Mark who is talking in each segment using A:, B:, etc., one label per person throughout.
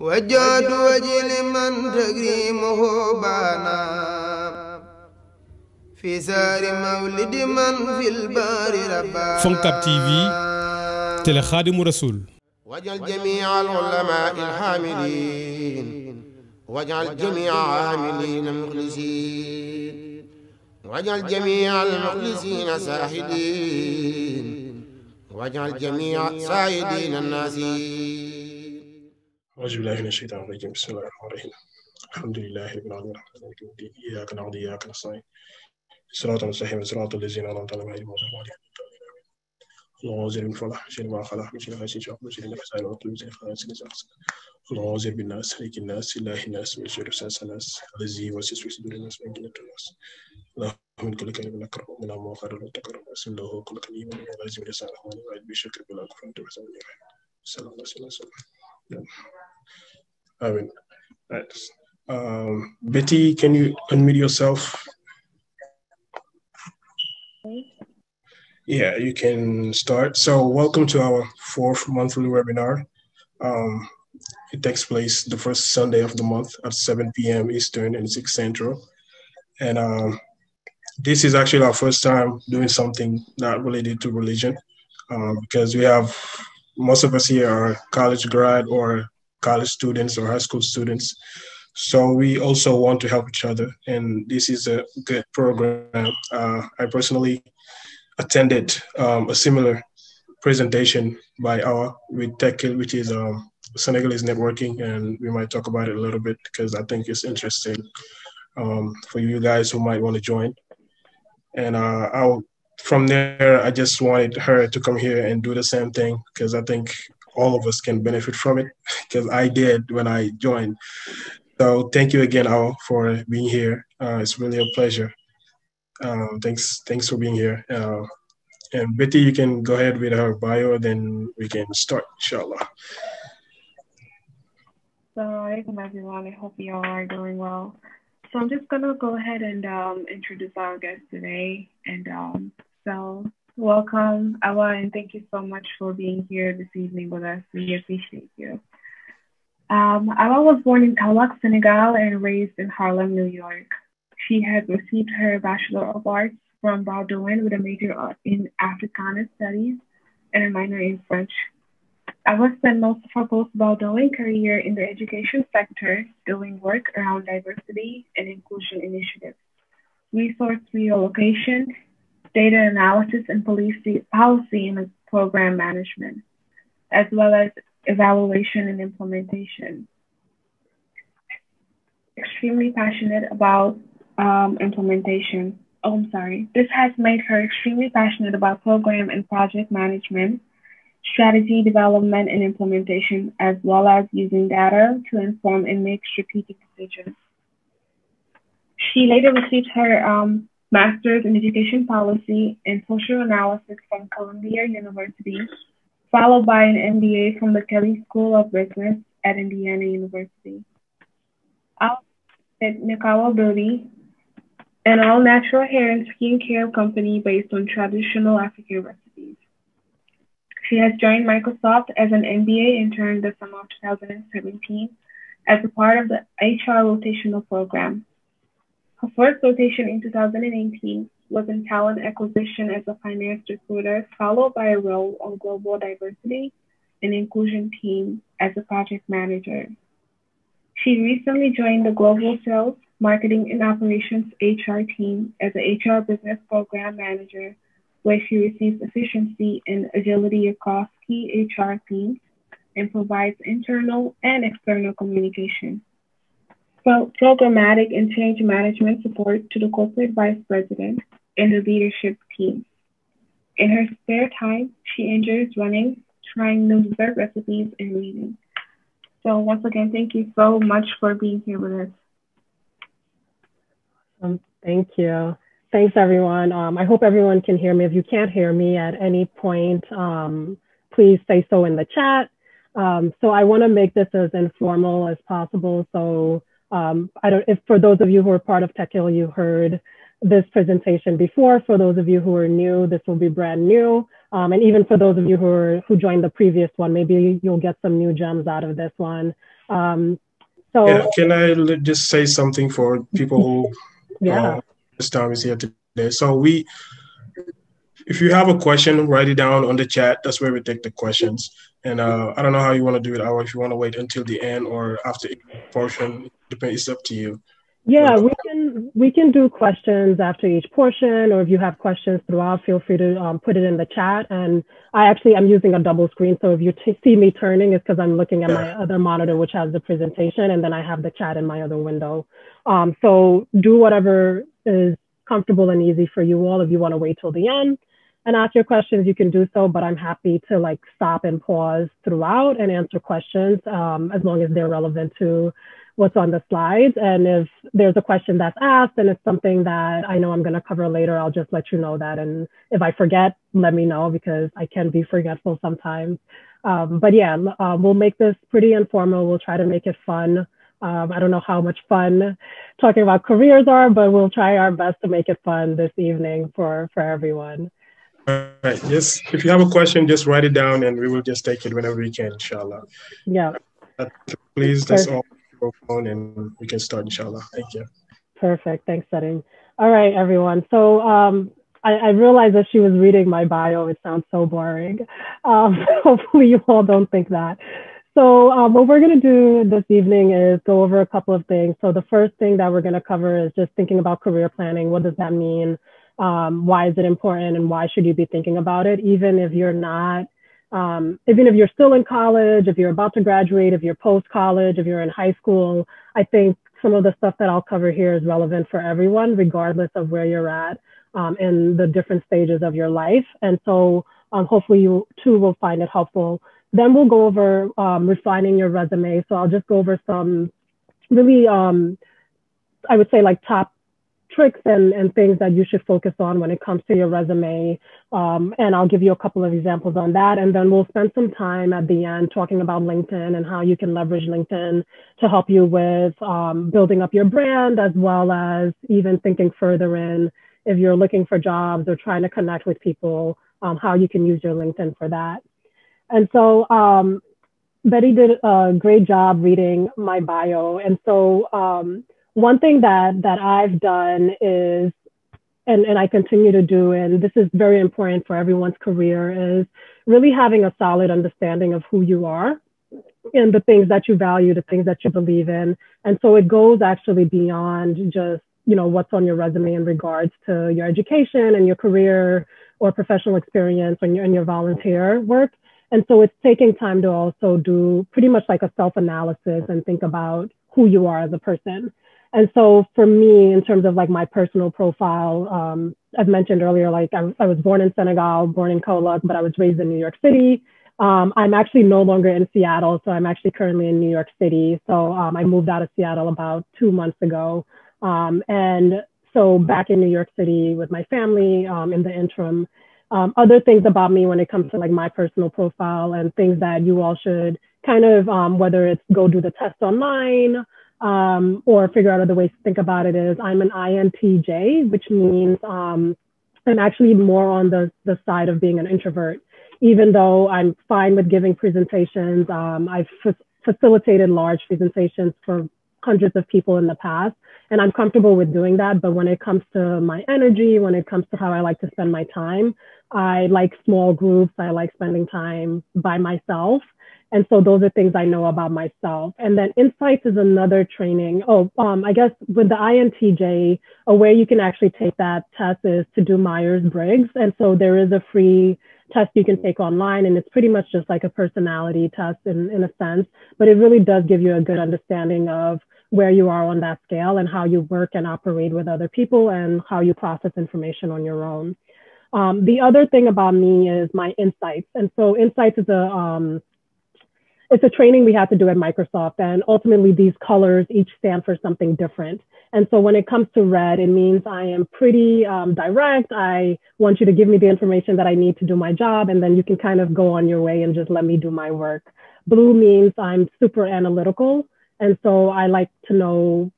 A: وجاد وجه من تكريمه بانا في سار مولد من في البار ربا فنكب تي
B: في تل خادم رسول
A: وجعل جميع العلماء الحاملين وجعل جميع عاملين المخلصين وجعل جميع المخلصين ساحدين وجعل جميع سائدين الناسين
B: أعوذ بالله من الشيطان الرجيم بسم الله الرحمن الرحيم الحمد لله رب العالمين الرحمن الرحيم إياك نعبد وإياك نستعين صراط المستقيم صراط الذين أنعمت عليهم غير المغضوب عليهم اللهم زر بالفلاح زر ما خلق من شر غاسق شر زر نفس عين وطل زر خلاص زر خلاص اللهم زر بالناس هلك الناس الله الناس من شر ساس الناس الذي يوسوس في صدور الناس من جنة الناس اللهم من كل كلمة نكره ومن ما خير لا تكره واسم له كل كلمة من لازم لسانه ونوعد بشكر بلا كفر تبسم السلام عليكم ورحمة الله
A: وبركاته
B: I mean, that's, Um, Betty, can you unmute yourself? Yeah, you can start. So welcome to our fourth monthly webinar. Um, it takes place the first Sunday of the month at 7 p.m. Eastern and 6 Central. And um, this is actually our first time doing something not related to religion uh, because we have most of us here are college grad or college students or high school students. So we also want to help each other, and this is a good program. Uh, I personally attended um, a similar presentation by our with TechKill, which is um, Senegalese networking, and we might talk about it a little bit because I think it's interesting um, for you guys who might want to join. And uh, I'll from there, I just wanted her to come here and do the same thing because I think all of us can benefit from it because I did when I joined. So thank you again, Al, for being here. Uh, it's really a pleasure. Uh, thanks, thanks for being here. Uh, and Betty, you can go ahead with her bio, then we can start, inshallah.
C: So, alaikum everyone. I hope you all are doing well. So I'm just gonna go ahead and um, introduce our guest today. And um, so welcome, Awa, and thank you so much for being here this evening with us. We appreciate you. Um, Awa was born in Kaulak, Senegal, and raised in Harlem, New York. She has received her Bachelor of Arts from Bowdoin with a major in Africana Studies and a minor in French. Awa spent most of her post-Bowdoin career in the education sector, doing work around diversity and inclusion initiatives, resource reallocation, data analysis and policy, policy and program management, as well as evaluation and implementation. Extremely passionate about um, implementation. Oh, I'm sorry. This has made her extremely passionate about program and project management, strategy development and implementation, as well as using data to inform and make strategic decisions. She later received her um, Master's in Education Policy and Social Analysis from Columbia University, followed by an MBA from the Kelly School of Business at Indiana University. Out at Nikawa Beauty, an all natural hair and skincare company based on traditional African recipes. She has joined Microsoft as an MBA intern the summer of 2017 as a part of the HR rotational program her first rotation in 2018 was in talent acquisition as a finance recruiter, followed by a role on global diversity and inclusion team as a project manager. She recently joined the global sales, marketing, and operations HR team as an HR business program manager, where she receives efficiency and agility across key HR teams and provides internal and external communication programmatic and change management support to the corporate vice president and the leadership team. In her spare time, she enjoys running, trying new dessert recipes, and reading. So once again, thank you so much for being here with us. Um,
A: thank you. Thanks, everyone. Um, I hope everyone can hear me. If you can't hear me at any point, um, please say so in the chat. Um, so I want to make this as informal as possible. So um, I don't, if for those of you who are part of TechHill, you heard this presentation before. For those of you who are new, this will be brand new. Um, and even for those of you who, are, who joined the previous one, maybe you'll get some new gems out of this one. Um, so, yeah,
B: can I just say something for people who uh, this time is here today? So we, if you have a question, write it down on the chat. That's where we take the questions. And uh, I don't know how you want to do it, or if you want to wait until the end or after each portion, debate. It's up to you.
A: Yeah, we can we can do questions after each portion, or if you have questions throughout, feel free to um, put it in the chat. And I actually am using a double screen, so if you see me turning, it's because I'm looking at my other monitor, which has the presentation, and then I have the chat in my other window. Um, so do whatever is comfortable and easy for you all. If you want to wait till the end and ask your questions, you can do so. But I'm happy to like stop and pause throughout and answer questions um, as long as they're relevant to what's on the slides. And if there's a question that's asked and it's something that I know I'm going to cover later, I'll just let you know that. And if I forget, let me know because I can be forgetful sometimes. Um, but yeah, um, we'll make this pretty informal. We'll try to make it fun. Um, I don't know how much fun talking about careers are, but we'll try our best to make it fun this evening for, for everyone.
B: All right. Yes. If you have a question, just write it down and we will just take it whenever we can, inshallah.
A: Yeah. Uh,
B: please, that's all microphone and we can start, inshallah.
A: Thank you. Perfect. Thanks, Sarin. All right, everyone. So um, I, I, realized that she was reading my bio. It sounds so boring. Um, hopefully, you all don't think that. So um, what we're going to do this evening is go over a couple of things. So the first thing that we're going to cover is just thinking about career planning. What does that mean? Um, why is it important and why should you be thinking about it? Even if you're not um, even if you're still in college, if you're about to graduate, if you're post college, if you're in high school, I think some of the stuff that I'll cover here is relevant for everyone, regardless of where you're at um, in the different stages of your life. And so um, hopefully you too will find it helpful. Then we'll go over um, refining your resume. So I'll just go over some really, um, I would say like top tricks and, and things that you should focus on when it comes to your resume. Um, and I'll give you a couple of examples on that. And then we'll spend some time at the end talking about LinkedIn and how you can leverage LinkedIn to help you with um, building up your brand, as well as even thinking further in if you're looking for jobs or trying to connect with people, um, how you can use your LinkedIn for that. And so um, Betty did a great job reading my bio. And so um, one thing that that I've done is and, and I continue to do, and this is very important for everyone's career, is really having a solid understanding of who you are and the things that you value, the things that you believe in. And so it goes actually beyond just, you know, what's on your resume in regards to your education and your career or professional experience and your, and your volunteer work. And so it's taking time to also do pretty much like a self analysis and think about who you are as a person and so for me, in terms of like my personal profile, um, I've mentioned earlier, like I, I, was born in Senegal, born in Kaolack, but I was raised in New York City. Um, I'm actually no longer in Seattle, so I'm actually currently in New York City. So um, I moved out of Seattle about two months ago. Um, and so back in New York City with my family um, in the interim. Um, other things about me when it comes to like my personal profile and things that you all should kind of, whether it's go do the test online, um, or figure out other ways to think about it is I'm an INTJ, which means um, I'm actually more on the, the side of being an introvert. Even though I'm fine with giving presentations, um, I've f- facilitated large presentations for hundreds of people in the past, and I'm comfortable with doing that. But when it comes to my energy, when it comes to how I like to spend my time, I like small groups, I like spending time by myself. And so those are things I know about myself. And then insights is another training. Oh, um, I guess with the INTJ, a way you can actually take that test is to do Myers Briggs. And so there is a free test you can take online and it's pretty much just like a personality test in, in a sense, but it really does give you a good understanding of where you are on that scale and how you work and operate with other people and how you process information on your own. Um, the other thing about me is my insights. And so insights is a, um, it's a training we have to do at Microsoft. And ultimately, these colors each stand for something different. And so when it comes to red, it means I am pretty um, direct. I want you to give me the information that I need to do my job. And then you can kind of go on your way and just let me do my work. Blue means I'm super analytical. And so I like to know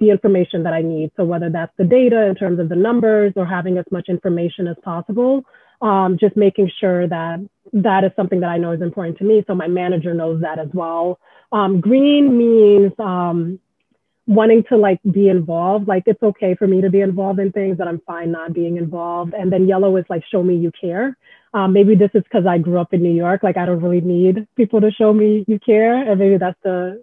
A: the information that I need. So whether that's the data in terms of the numbers or having as much information as possible um, just making sure that that is something that I know is important to me. So my manager knows that as well. Um, green means um, wanting to like be involved. Like it's okay for me to be involved in things that I'm fine not being involved. And then yellow is like show me you care. Um, maybe this is because I grew up in New York. Like I don't really need people to show me you care. And maybe that's the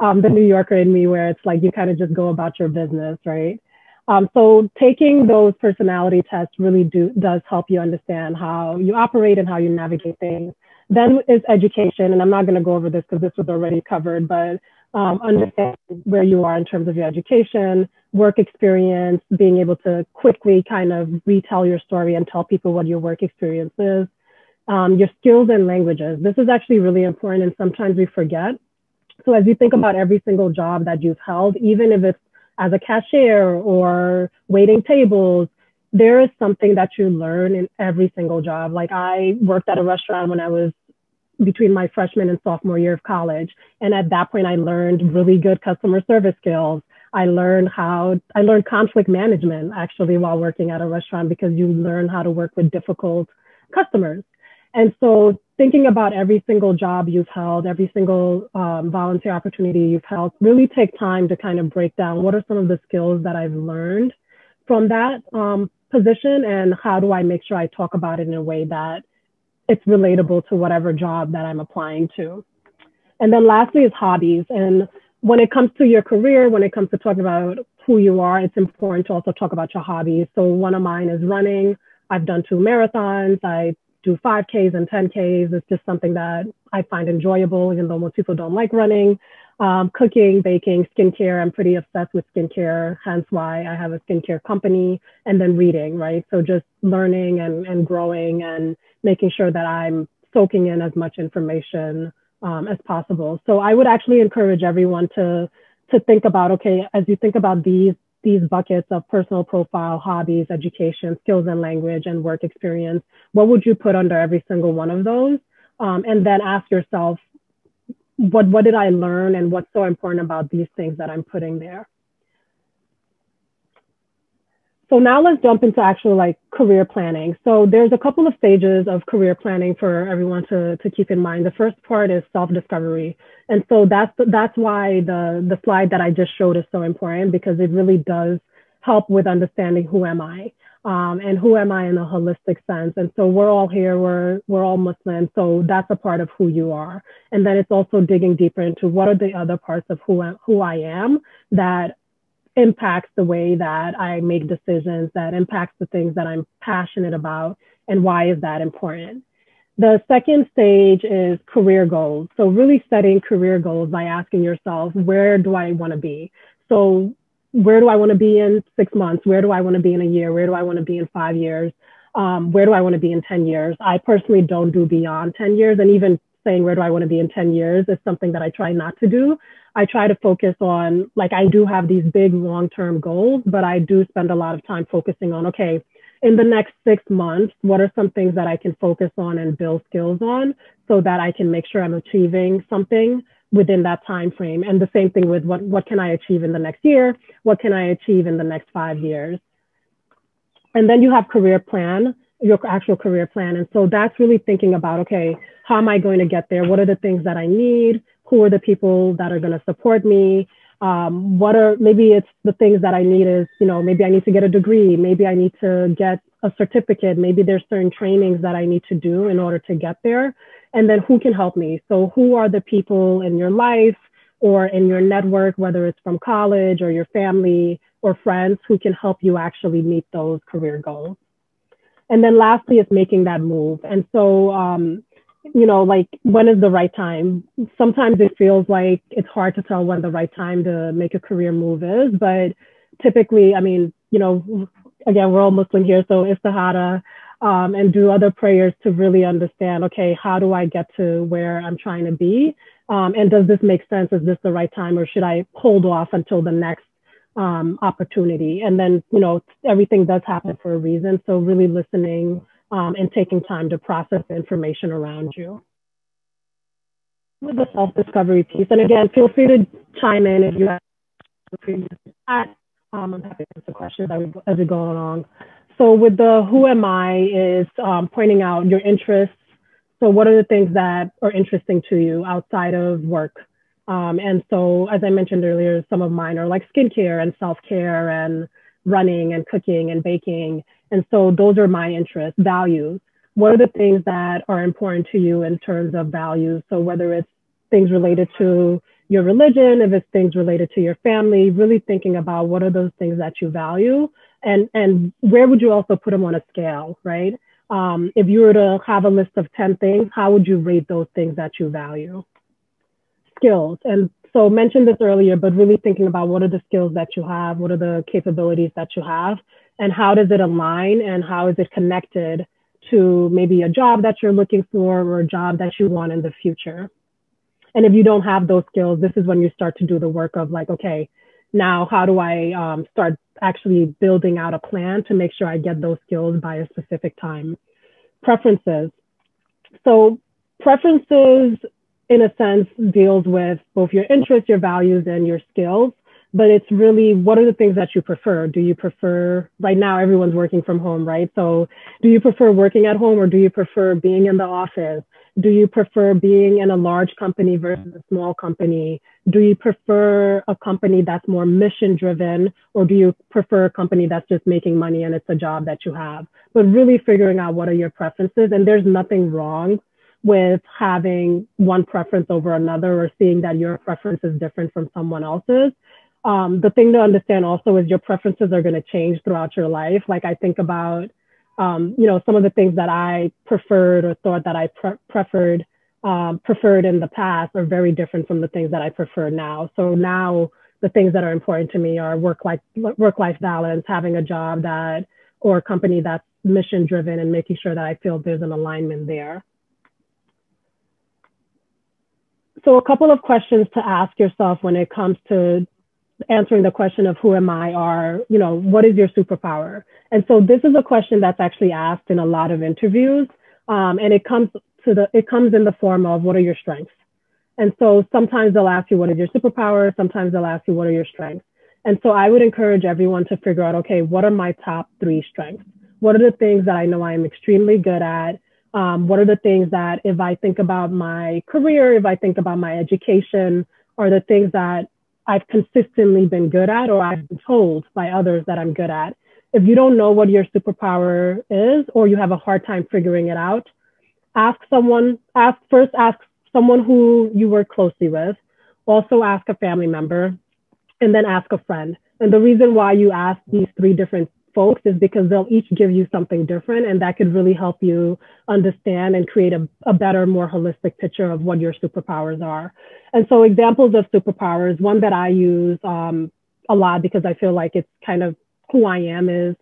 A: um, the New Yorker in me where it's like you kind of just go about your business, right? Um, so taking those personality tests really do, does help you understand how you operate and how you navigate things. Then is education, and I'm not going to go over this because this was already covered, but um, understand where you are in terms of your education, work experience, being able to quickly kind of retell your story and tell people what your work experience is, um, your skills and languages. This is actually really important, and sometimes we forget. So as you think about every single job that you've held, even if it's as a cashier or waiting tables, there is something that you learn in every single job. Like I worked at a restaurant when I was between my freshman and sophomore year of college. And at that point, I learned really good customer service skills. I learned how I learned conflict management actually while working at a restaurant because you learn how to work with difficult customers. And so thinking about every single job you've held, every single um, volunteer opportunity you've held, really take time to kind of break down what are some of the skills that I've learned from that um, position and how do I make sure I talk about it in a way that it's relatable to whatever job that I'm applying to. And then lastly is hobbies. And when it comes to your career, when it comes to talking about who you are, it's important to also talk about your hobbies. So one of mine is running. I've done two marathons. I do 5Ks and 10Ks. It's just something that I find enjoyable, even though most people don't like running. Um, cooking, baking, skincare. I'm pretty obsessed with skincare, hence why I have a skincare company. And then reading, right? So just learning and, and growing and making sure that I'm soaking in as much information um, as possible. So I would actually encourage everyone to to think about okay, as you think about these these buckets of personal profile, hobbies, education, skills and language, and work experience, what would you put under every single one of those? Um, and then ask yourself, what, what did I learn and what's so important about these things that I'm putting there? So now let's jump into actual like career planning. So there's a couple of stages of career planning for everyone to, to keep in mind. The first part is self-discovery. And so that's, that's why the, the slide that I just showed is so important because it really does help with understanding who am I um, and who am I in a holistic sense. And so we're all here, we're, we're all Muslim. So that's a part of who you are. And then it's also digging deeper into what are the other parts of who, am who I am that impacts the way that I make decisions, that impacts the things that I'm passionate about, and why is that important? The second stage is career goals. So, really setting career goals by asking yourself, where do I want to be? So, where do I want to be in six months? Where do I want to be in a year? Where do I want to be in five years? Um, where do I want to be in 10 years? I personally don't do beyond 10 years, and even saying where do I want to be in 10 years is something that I try not to do. I try to focus on like I do have these big long-term goals, but I do spend a lot of time focusing on okay, in the next 6 months, what are some things that I can focus on and build skills on so that I can make sure I'm achieving something within that time frame and the same thing with what what can I achieve in the next year? What can I achieve in the next 5 years? And then you have career plan, your actual career plan. And so that's really thinking about okay, how am I going to get there? What are the things that I need? Who are the people that are going to support me? Um, what are maybe it's the things that I need is, you know, maybe I need to get a degree, maybe I need to get a certificate, maybe there's certain trainings that I need to do in order to get there. And then who can help me? So, who are the people in your life or in your network, whether it's from college or your family or friends, who can help you actually meet those career goals? And then lastly is making that move. And so um, you know, like when is the right time? Sometimes it feels like it's hard to tell when the right time to make a career move is, but typically, I mean, you know, again, we're all Muslim here, so istihada um, and do other prayers to really understand, okay, how do I get to where I'm trying to be? Um, and does this make sense? Is this the right time or should I hold off until the next um, opportunity? And then, you know, everything does happen for a reason. So really listening um, and taking time to process information around you. With the self-discovery piece, and again, feel free to chime in if you have previous chat. Um, I'm happy to answer questions as we, go, as we go along. So with the who am I is um, pointing out your interests. So what are the things that are interesting to you outside of work? Um, and so as I mentioned earlier, some of mine are like skincare and self-care and running and cooking and baking and so those are my interests, values. What are the things that are important to you in terms of values? So whether it's things related to your religion, if it's things related to your family, really thinking about what are those things that you value and, and where would you also put them on a scale, right? Um, if you were to have a list of 10 things, how would you rate those things that you value? Skills. And so mentioned this earlier, but really thinking about what are the skills that you have? What are the capabilities that you have? and how does it align and how is it connected to maybe a job that you're looking for or a job that you want in the future. And if you don't have those skills, this is when you start to do the work of like, okay, now how do I um, start actually building out a plan to make sure I get those skills by a specific time? Preferences. So, preferences, in a sense, deals with both your interests, your values, and your skills but it's really what are the things that you prefer? Do you prefer, right now, everyone's working from home, right? So do you prefer working at home or do you prefer being in the office? Do you prefer being in a large company versus a small company? Do you prefer a company that's more mission driven or do you prefer a company that's just making money and it's a job that you have? But really figuring out what are your preferences and there's nothing wrong with having one preference over another or seeing that your preference is different from someone else's. Um, the thing to understand also is your preferences are going to change throughout your life. Like I think about, um, you know, some of the things that I preferred or thought that I pre- preferred um, preferred in the past are very different from the things that I prefer now. So now the things that are important to me are work life work life balance, having a job that or a company that's mission driven, and making sure that I feel there's an alignment there. So a couple of questions to ask yourself when it comes to answering the question of who am I or, you know, what is your superpower? And so this is a question that's actually asked in a lot of interviews. Um, and it comes to the, it comes in the form of what are your strengths? And so sometimes they'll ask you, what is your superpower? Sometimes they'll ask you, what are your strengths? And so I would encourage everyone to figure out, okay, what are my top three strengths? What are the things that I know I am extremely good at? Um, what are the things that if I think about my career, if I think about my education, are the things that I've consistently been good at, or I've been told by others that I'm good at. If you don't know what your superpower is, or you have a hard time figuring it out, ask someone, ask first, ask someone who you work closely with, also ask a family member, and then ask a friend. And the reason why you ask these three different folks is because they'll each give you something different and that could really help you understand and create a, a, better more holistic picture of what your superpowers are and so examples of superpowers one that i use um, a lot because i feel like it's kind of who i am is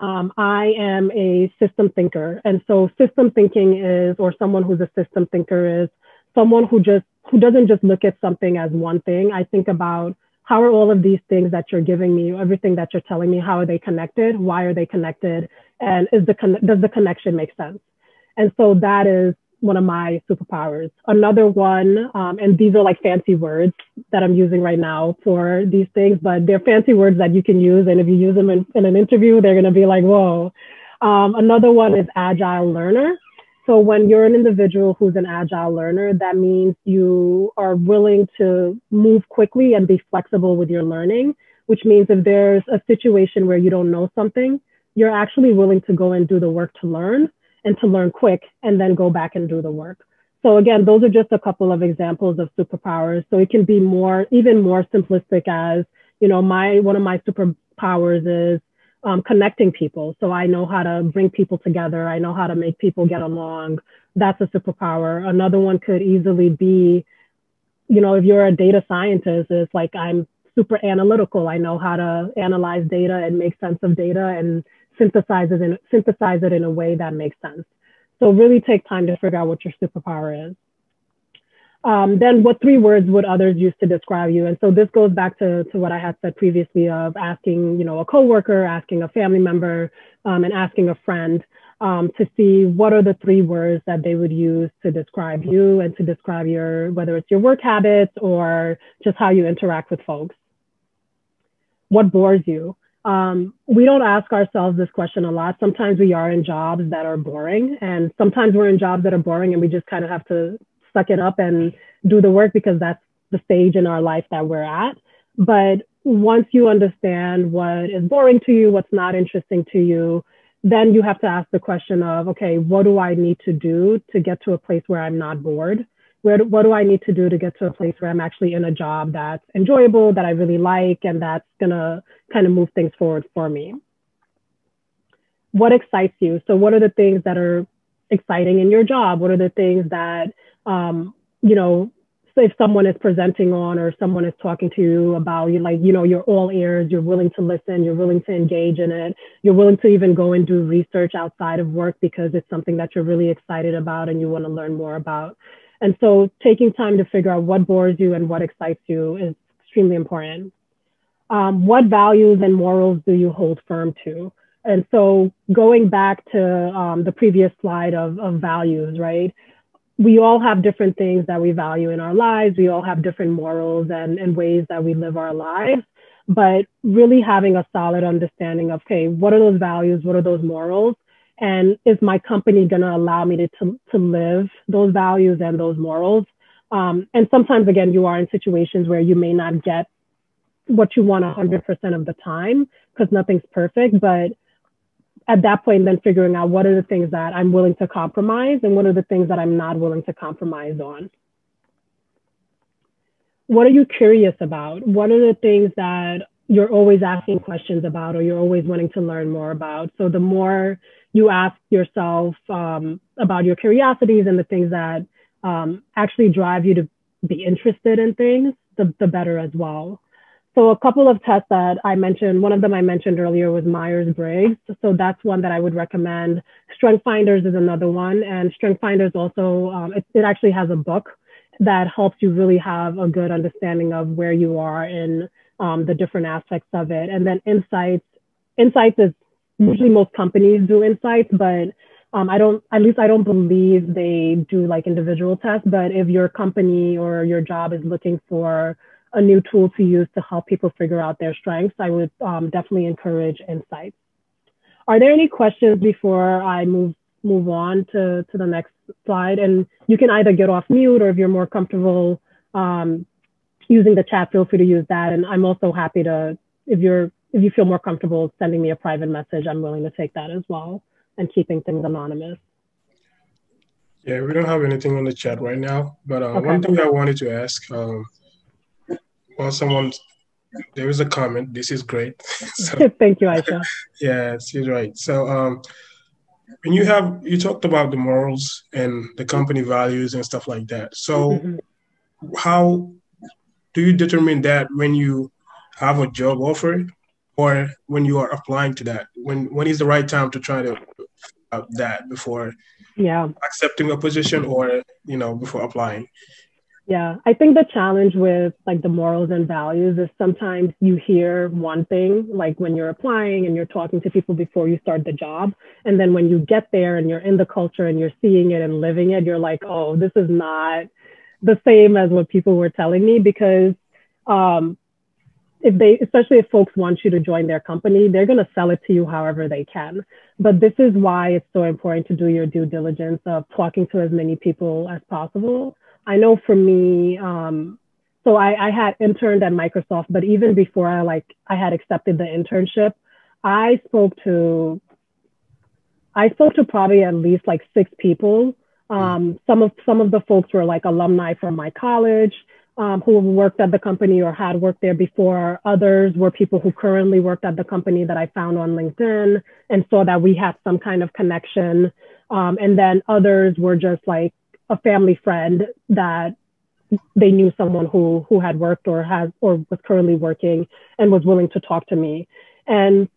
A: um, i am a system thinker and so system thinking is or someone who's a system thinker is someone who just who doesn't just look at something as one thing i think about how are all of these things that you're giving me, everything that you're telling me, how are they connected? Why are they connected? And is the con- does the connection make sense? And so that is one of my superpowers. Another one, um, and these are like fancy words that I'm using right now for these things, but they're fancy words that you can use. And if you use them in, in an interview, they're going to be like, whoa. Um, another one is agile learner. So when you're an individual who's an agile learner, that means you are willing to move quickly and be flexible with your learning, which means if there's a situation where you don't know something, you're actually willing to go and do the work to learn and to learn quick and then go back and do the work. So again, those are just a couple of examples of superpowers. So it can be more, even more simplistic as, you know, my, one of my superpowers is um, connecting people. So I know how to bring people together. I know how to make people get along. That's a superpower. Another one could easily be, you know, if you're a data scientist, it's like I'm super analytical. I know how to analyze data and make sense of data and synthesize it in, synthesize it in a way that makes sense. So really take time to figure out what your superpower is um, then what three words would others use to describe you? And so this goes back to, to what I had said previously of asking, you know, a coworker, asking a family member, um, and asking a friend um, to see what are the three words that they would use to describe you and to describe your, whether it's your work habits or just how you interact with folks. What bores you? Um, we don't ask ourselves this question a lot. Sometimes we are in jobs that are boring, and sometimes we're in jobs that are boring, and we just kind of have to suck it up and do the work because that's the stage in our life that we're at. But once you understand what is boring to you, what's not interesting to you, then you have to ask the question of, okay, what do I need to do to get to a place where I'm not bored? Where, what do I need to do to get to a place where I'm actually in a job that's enjoyable, that I really like, and that's gonna kind of move things forward for me? What excites you? So, what are the things that are exciting in your job? What are the things that um, you know, if someone is presenting on or someone is talking to you about you like you know you're all ears you're willing to listen you're willing to engage in it you're willing to even go and do research outside of work because it's something that you're really excited about and you want to learn more about and so taking time to figure out what bores you and what excites you is extremely important um, what values and morals do you hold firm to and so going back to um, the previous slide of, of values right we all have different things that we value in our lives. We all have different morals and, and ways that we live our lives. But really having a solid understanding of, okay, what are those values? What are those morals? And is my company going to allow me to, to, to live those values and those morals? Um, and sometimes, again, you are in situations where you may not get what you want 100% of the time because nothing's perfect. But at that point then figuring out what are the things that i'm willing to compromise and what are the things that i'm not willing to compromise on what are you curious about what are the things that you're always asking questions about or you're always wanting to learn more about so the more you ask yourself um, about your curiosities and the things that um, actually drive you to be interested in things the, the better as well so a couple of tests that I mentioned, one of them I mentioned earlier was Myers-Briggs. So that's one that I would recommend. Strength Finders is another one. And Strength Finders also, um, it, it actually has a book that helps you really have a good understanding of where you are in um, the different aspects of it. And then Insights, Insights is usually most companies do Insights, but um, I don't, at least I don't believe they do like individual tests. But if your company or your job is looking for a new tool to use to help people figure out their strengths, I would um, definitely encourage insights. Are there any questions before I move move on to, to the next slide? And you can either get off mute or if you're more comfortable um, using the chat, feel free to use that. And I'm also happy to, if you're if you feel more comfortable sending me a private message, I'm willing to take that as well and keeping things anonymous.
B: Yeah, we don't have anything on the chat right now, but uh, okay. one thing I wanted to ask um, well, someone there is a comment. This is great.
A: so, Thank you, Aisha.
B: yes, you're right. So um, when you have you talked about the morals and the company values and stuff like that. So mm-hmm. how do you determine that when you have a job offer or when you are applying to that? When when is the right time to try to that before yeah accepting a position or you know before applying?
A: Yeah, I think the challenge with like the morals and values is sometimes you hear one thing, like when you're applying and you're talking to people before you start the job. And then when you get there and you're in the culture and you're seeing it and living it, you're like, oh, this is not the same as what people were telling me because um, if they, especially if folks want you to join their company, they're going to sell it to you however they can. But this is why it's so important to do your due diligence of talking to as many people as possible I know for me, um, so I, I had interned at Microsoft, but even before I like I had accepted the internship, I spoke to I spoke to probably at least like six people. Hmm. Um, some of some of the folks were like alumni from my college um, who worked at the company or had worked there before. Others were people who currently worked at the company that I found on LinkedIn and saw that we had some kind of connection. Um, and then others were just like a family friend that they knew someone who who had worked or has or was currently working and was willing to talk to me. And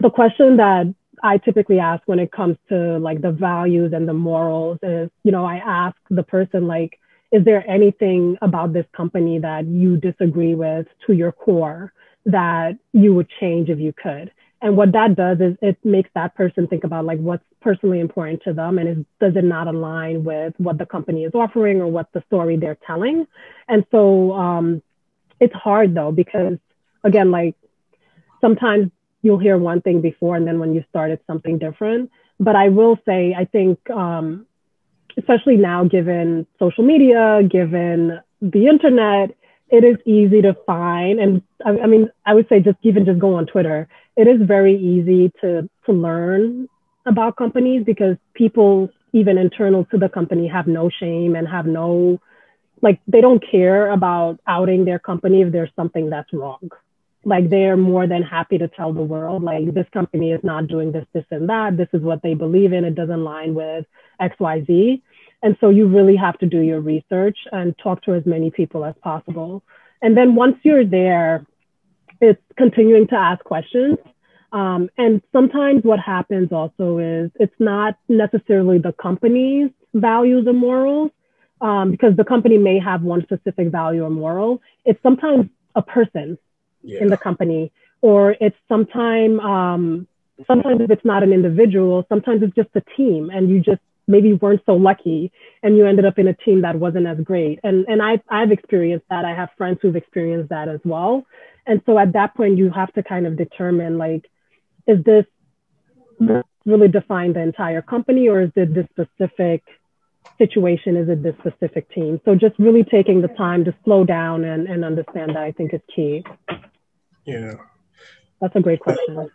A: the question that I typically ask when it comes to like the values and the morals is, you know, I ask the person like, is there anything about this company that you disagree with to your core that you would change if you could? And what that does is it makes that person think about like what's personally important to them and is, does it not align with what the company is offering or what the story they're telling. And so um, it's hard though, because again, like sometimes you'll hear one thing before and then when you start, it's something different. But I will say, I think, um, especially now, given social media, given the internet, it is easy to find. And I, I mean, I would say just even just go on Twitter it is very easy to, to learn about companies because people, even internal to the company, have no shame and have no, like, they don't care about outing their company if there's something that's wrong. Like, they're more than happy to tell the world, like, this company is not doing this, this, and that. This is what they believe in. It doesn't line with XYZ. And so you really have to do your research and talk to as many people as possible. And then once you're there, it's continuing to ask questions. Um, and sometimes what happens also is it's not necessarily the company's values and morals, um, because the company may have one specific value or moral. It's sometimes a person yeah. in the company, or it's sometimes um, sometimes if it's not an individual, sometimes it's just a team, and you just maybe weren't so lucky and you ended up in a team that wasn't as great and and I've, I've experienced that i have friends who've experienced that as well and so at that point you have to kind of determine like is this really define the entire company or is it this specific situation is it this specific team so just really taking the time to slow down and, and understand that i think is key yeah that's a great question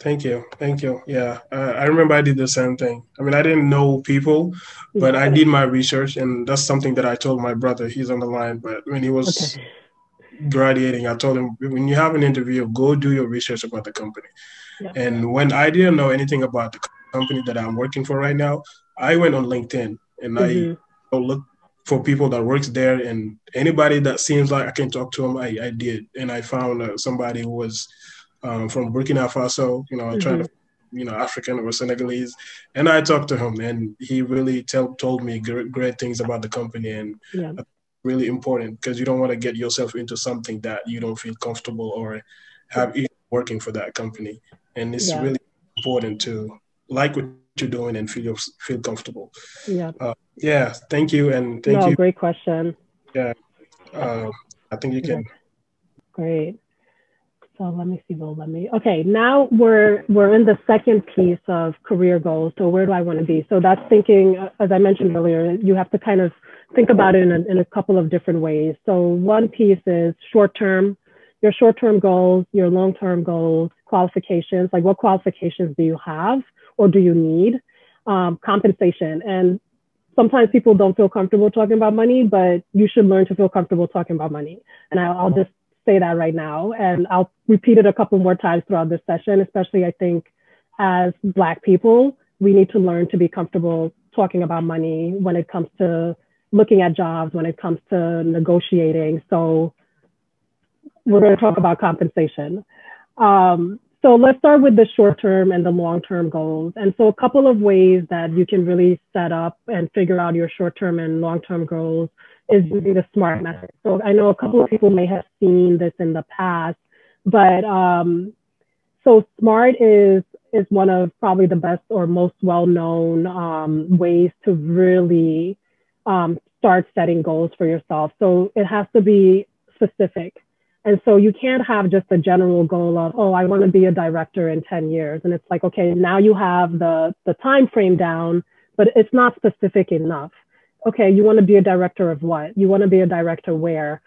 B: thank you thank you yeah uh, i remember i did the same thing i mean i didn't know people but i did my research and that's something that i told my brother he's on the line but when he was okay graduating, I told him, when you have an interview, go do your research about the company. Yeah. And when I didn't know anything about the company that I'm working for right now, I went on LinkedIn and mm-hmm. I looked for people that works there and anybody that seems like I can talk to them, I, I did. And I found uh, somebody who was um, from Burkina Faso, you know, mm-hmm. trying to, mm-hmm. you know, African or Senegalese. And I talked to him and he really tell, told me great, great things about the company. And yeah really important because you don't want to get yourself into something that you don't feel comfortable or have working for that company. And it's yeah. really important to like what you're doing and feel feel comfortable. Yeah. Uh, yeah. Thank you. And thank no, you.
A: Great question.
B: Yeah. Uh, I think you can.
A: Great. So let me see. Well, let me. Okay, now we're we're in the second piece of career goals. So where do I want to be? So that's thinking, uh, as I mentioned earlier, you have to kind of think about it in a, in a couple of different ways. So one piece is short term, your short term goals, your long term goals, qualifications, like what qualifications do you have or do you need? Um, compensation. And sometimes people don't feel comfortable talking about money, but you should learn to feel comfortable talking about money. And i I'll just say that right now. And I'll repeat it a couple more times throughout this session, especially I think as Black people, we need to learn to be comfortable talking about money when it comes to looking at jobs when it comes to negotiating. So we're going to talk about compensation. Um, so let's start with the short term and the long term goals. And so a couple of ways that you can really set up and figure out your short term and long term goals is using the SMART method. So I know a couple of people may have seen this in the past, but um, so SMART is is one of probably the best or most well known um, ways to really um, start setting goals for yourself. So it has to be specific. And so you can't have just a general goal of, oh, I want to be a director in 10 years. And it's like, okay, now you have the, the time frame down, but it's not specific enough. Okay, you want to be a director of what? You want to be a director where?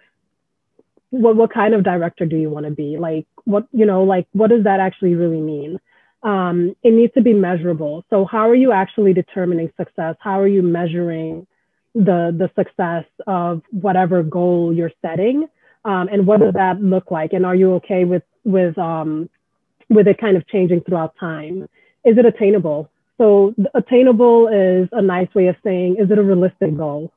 A: What, what kind of director do you want to be? Like, what, you know, like, what does that actually really mean? Um, it needs to be measurable. So, how are you actually determining success? How are you measuring the the success of whatever goal you're setting um, and what does that look like and are you okay with with um, with it kind of changing throughout time is it attainable so attainable is a nice way of saying is it a realistic goal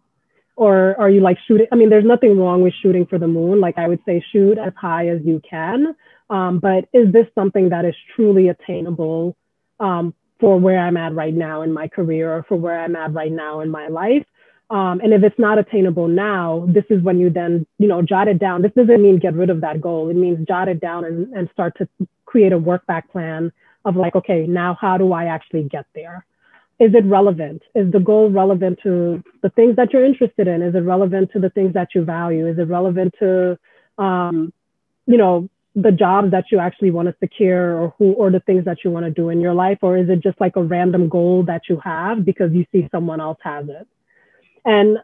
A: or are you like shooting i mean there's nothing wrong with shooting for the moon like i would say shoot as high as you can um, but is this something that is truly attainable um, for where i'm at right now in my career or for where i'm at right now in my life um, and if it's not attainable now, this is when you then, you know, jot it down. This doesn't mean get rid of that goal. It means jot it down and, and start to create a work back plan of like, okay, now how do I actually get there? Is it relevant? Is the goal relevant to the things that you're interested in? Is it relevant to the things that you value? Is it relevant to, um, you know, the jobs that you actually want to secure or who or the things that you want to do in your life or is it just like a random goal that you have because you see someone else has it and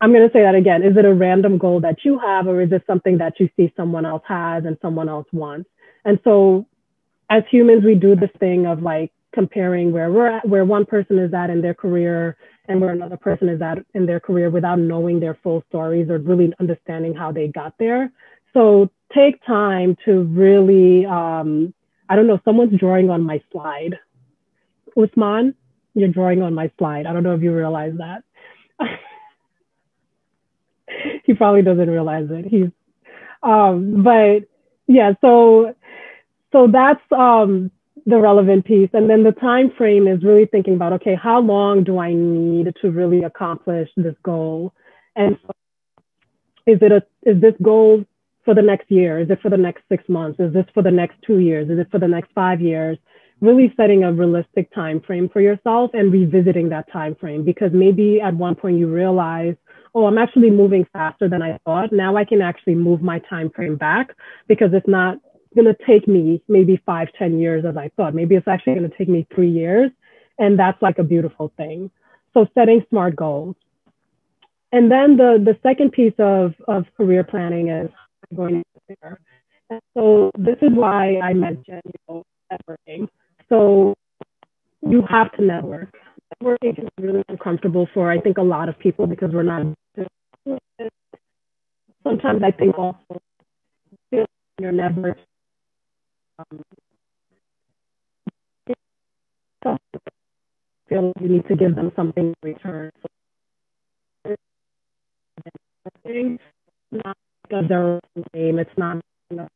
A: I'm going to say that again. Is it a random goal that you have, or is this something that you see someone else has and someone else wants? And so, as humans, we do this thing of like comparing where we're at, where one person is at in their career and where another person is at in their career without knowing their full stories or really understanding how they got there. So take time to really, um, I don't know, someone's drawing on my slide. Usman, you're drawing on my slide. I don't know if you realize that. he probably doesn't realize it. He's, um, but yeah, so so that's um, the relevant piece, and then the time frame is really thinking about okay, how long do I need to really accomplish this goal, and so is it a is this goal for the next year? Is it for the next six months? Is this for the next two years? Is it for the next five years? really setting a realistic time frame for yourself and revisiting that time frame because maybe at one point you realize oh i'm actually moving faster than i thought now i can actually move my time frame back because it's not going to take me maybe five ten years as i thought maybe it's actually going to take me three years and that's like a beautiful thing so setting smart goals and then the the second piece of of career planning is going so this is why i mentioned you know, networking so you have to network. Networking is really uncomfortable for I think a lot of people because we're not. Sometimes I think also your network. Um, feel you need to give them something in return. So, not because the same. it's not
C: you know,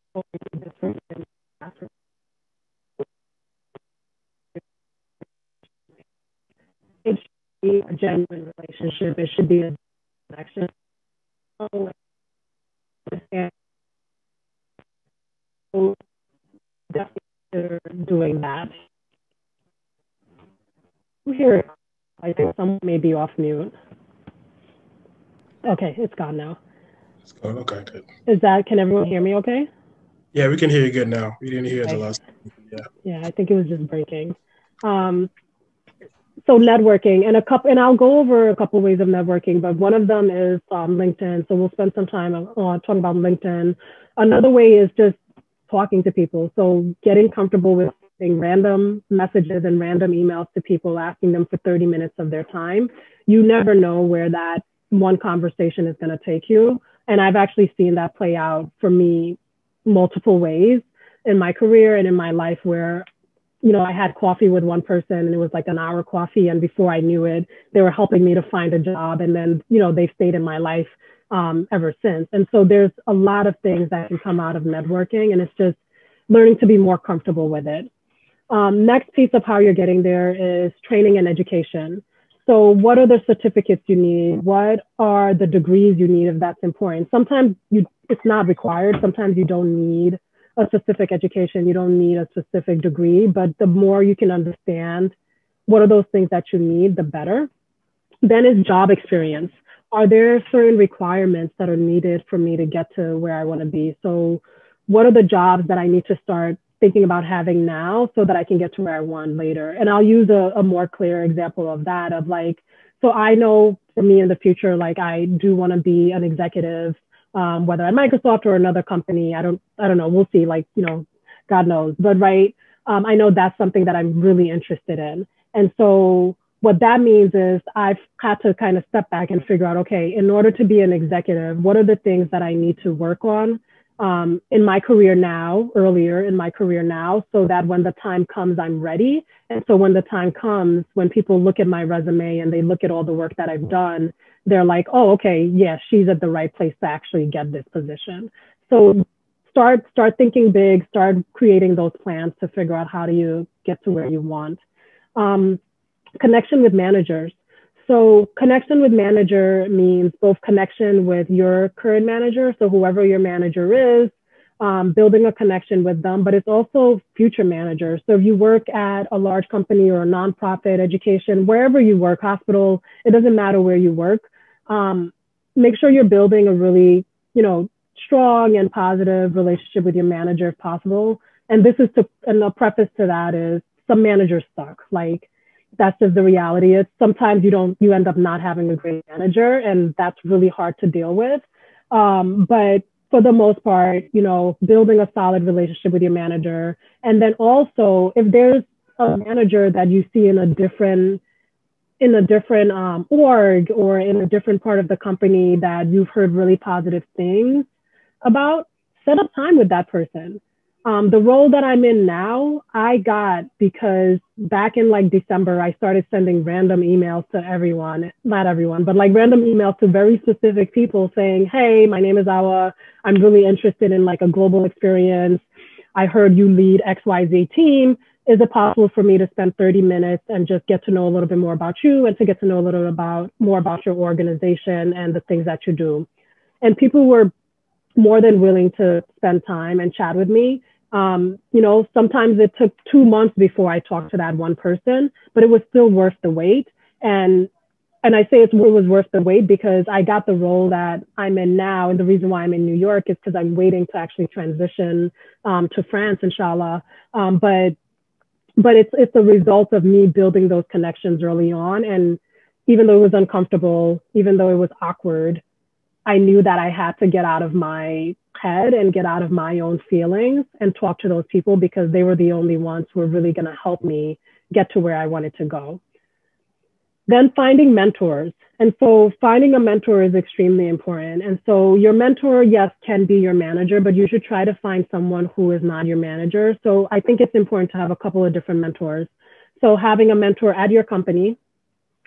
C: be a genuine relationship. It should be
A: a connection. So definitely doing that. i here. I think someone may be off mute. Okay, it's gone now.
B: It's gone. Okay, good.
A: Is that? Can everyone hear me? Okay.
B: Yeah, we can hear you good now. We didn't hear okay. the last.
A: Yeah. Yeah, I think it was just breaking. Um, so networking and a couple, and I'll go over a couple ways of networking, but one of them is um, LinkedIn. So we'll spend some time uh, talking about LinkedIn. Another way is just talking to people. So getting comfortable with random messages and random emails to people asking them for 30 minutes of their time. You never know where that one conversation is going to take you. And I've actually seen that play out for me multiple ways in my career and in my life where you know, I had coffee with one person and it was like an hour coffee. And before I knew it, they were helping me to find a job. And then, you know, they've stayed in my life um, ever since. And so there's a lot of things that can come out of networking. And it's just learning to be more comfortable with it. Um, next piece of how you're getting there is training and education. So, what are the certificates you need? What are the degrees you need if that's important? Sometimes you, it's not required. Sometimes you don't need a specific education. You don't need a specific degree, but the more you can understand what are those things that you need, the better. Then is job experience. Are there certain requirements that are needed for me to get to where I want to be? So, what are the jobs that I need to start thinking about having now so that I can get to where I want later? And I'll use a, a more clear example of that of like, so I know for me in the future, like I do want to be an executive um, whether at Microsoft or another company. I don't, I don't know. We'll see. Like, you know, God knows. But right, um, I know that's something that I'm really interested in. And so what that means is I've had to kind of step back and figure out, okay, in order to be an executive, what are the things that I need to work on um, in my career now, earlier in my career now, so that when the time comes, I'm ready. And so when the time comes, when people look at my resume and they look at all the work that I've done, they're like, oh, okay, yes, yeah, she's at the right place to actually get this position. So start start thinking big, start creating those plans to figure out how do you get to where you want. Um, connection with managers. So connection with manager means both connection with your current manager, so whoever your manager is, um, building a connection with them, but it's also future managers. So if you work at a large company or a nonprofit, education, wherever you work, hospital, it doesn't matter where you work um, make sure you're building a really, you know, strong and positive relationship with your manager if possible. And this is to, and the preface to that is some managers suck. Like that's just the reality. It's sometimes you don't, you end up not having a great manager and that's really hard to deal with. Um, but for the most part, you know, building a solid relationship with your manager. And then also if there's a manager that you see in a different in a different um, org or in a different part of the company that you've heard really positive things about, set up time with that person. Um, the role that I'm in now, I got because back in like December, I started sending random emails to everyone, not everyone, but like random emails to very specific people saying, Hey, my name is Awa. I'm really interested in like a global experience. I heard you lead XYZ team is it possible for me to spend 30 minutes and just get to know a little bit more about you and to get to know a little about more about your organization and the things that you do? And people were more than willing to spend time and chat with me. Um, you know, sometimes it took two months before I talked to that one person, but it was still worth the wait. And and I say it was worth the wait because I got the role that I'm in now. And the reason why I'm in New York is because I'm waiting to actually transition um, to France, inshallah. Um, but but it's it's a result of me building those connections early on and even though it was uncomfortable even though it was awkward i knew that i had to get out of my head and get out of my own feelings and talk to those people because they were the only ones who were really going to help me get to where i wanted to go then finding mentors. And so finding a mentor is extremely important. And so your mentor, yes, can be your manager, but you should try to find someone who is not your manager. So I think it's important to have a couple of different mentors. So having a mentor at your company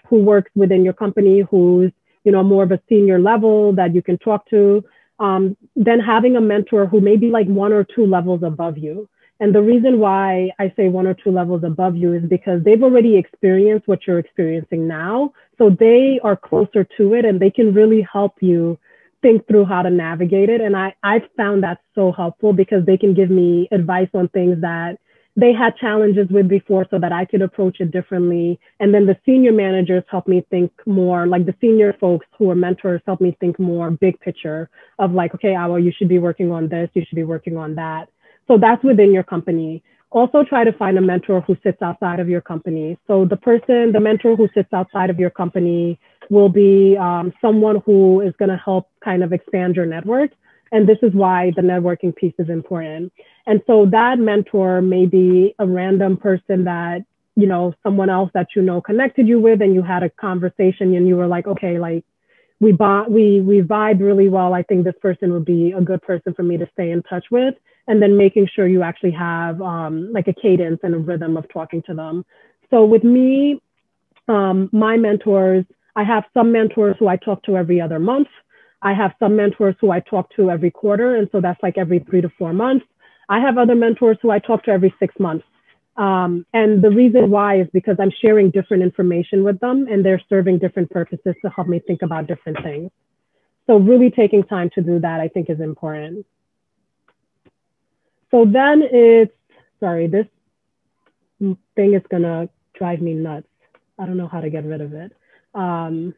A: who works within your company, who's, you know, more of a senior level that you can talk to, um, then having a mentor who may be like one or two levels above you. And the reason why I say one or two levels above you is because they've already experienced what you're experiencing now. So they are closer to it and they can really help you think through how to navigate it. And I, I found that so helpful because they can give me advice on things that they had challenges with before so that I could approach it differently. And then the senior managers help me think more, like the senior folks who are mentors help me think more big picture of like, okay, Awa, you should be working on this, you should be working on that. So that's within your company. Also try to find a mentor who sits outside of your company. So the person, the mentor who sits outside of your company will be um, someone who is gonna help kind of expand your network. And this is why the networking piece is important. And so that mentor may be a random person that, you know, someone else that you know connected you with and you had a conversation and you were like, okay, like we bought we, we vibe really well. I think this person would be a good person for me to stay in touch with and then making sure you actually have um, like a cadence and a rhythm of talking to them. So with me, um, my mentors, I have some mentors who I talk to every other month. I have some mentors who I talk to every quarter, and so that's like every three to four months. I have other mentors who I talk to every six months. Um, and the reason why is because I'm sharing different information with them and they're serving different purposes to help me think about different things. So, really taking time to do that, I think, is important. So then it's, sorry, this thing is gonna drive me nuts. I don't know how to get rid of it. Um,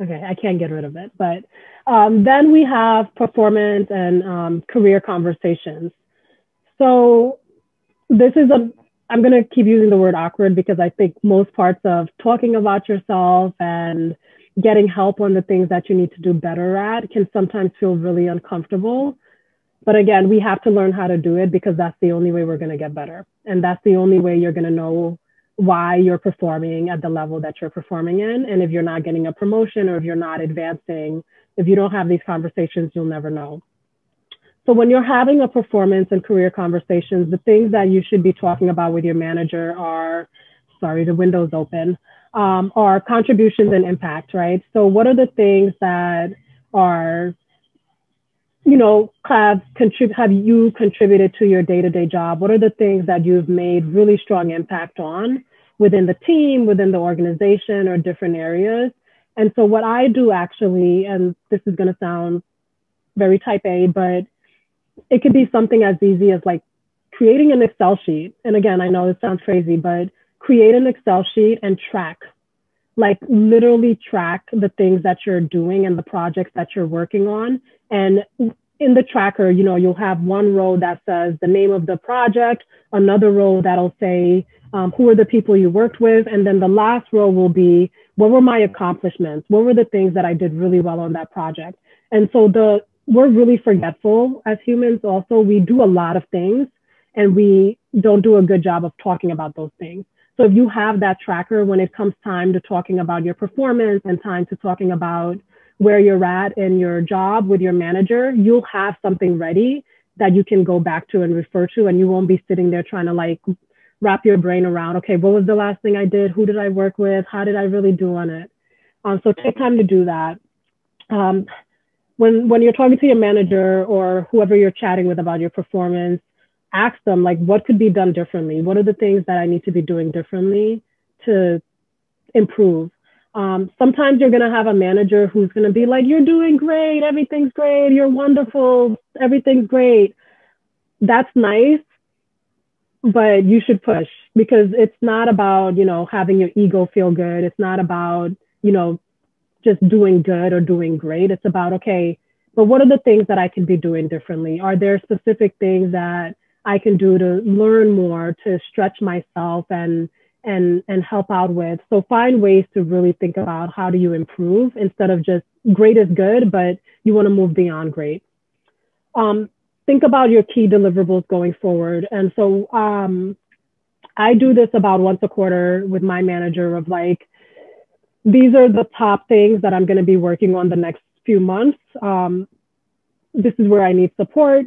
A: okay, I can't get rid of it. But um, then we have performance and um, career conversations. So this is a, I'm going to keep using the word awkward because I think most parts of talking about yourself and getting help on the things that you need to do better at can sometimes feel really uncomfortable. But again, we have to learn how to do it because that's the only way we're going to get better. And that's the only way you're going to know why you're performing at the level that you're performing in. And if you're not getting a promotion or if you're not advancing, if you don't have these conversations, you'll never know. So when you're having a performance and career conversations, the things that you should be talking about with your manager are, sorry, the window's open, um, are contributions and impact, right? So what are the things that are you know, have contrib- have you contributed to your day-to-day job? What are the things that you've made really strong impact on within the team, within the organization, or different areas? And so what I do actually, and this is going to sound very type A, but it could be something as easy as like creating an Excel sheet. And again, I know this sounds crazy, but create an Excel sheet and track, like literally track the things that you're doing and the projects that you're working on and in the tracker, you know, you'll have one row that says the name of the project, another row that'll say um, who are the people you worked with, and then the last row will be what were my accomplishments, what were the things that I did really well on that project. And so the we're really forgetful as humans. Also, we do a lot of things, and we don't do a good job of talking about those things. So if you have that tracker when it comes time to talking about your performance and time to talking about where you're at in your job with your manager, you'll have something ready that you can go back to and refer to, and you won't be sitting there trying to like wrap your brain around, okay, what was the last thing I did? Who did I work with? How did I really do on it? Um, so take time to do that. Um, when when you're talking to your manager or whoever you're chatting with about your performance, ask them like, what could be done differently? What are the things that I need to be doing differently to improve? Um, sometimes you're going to have a manager who's going to be like, You're doing great. Everything's great. You're wonderful. Everything's great. That's nice, but you should push because it's not about, you know, having your ego feel good. It's not about, you know, just doing good or doing great. It's about, okay, but what are the things that I can be doing differently? Are there specific things that I can do to learn more, to stretch myself and, and and help out with so find ways to really think about how do you improve instead of just great is good but you want to move beyond great um, think about your key deliverables going forward and so um, i do this about once a quarter with my manager of like these are the top things that i'm going to be working on the next few months um, this is where i need support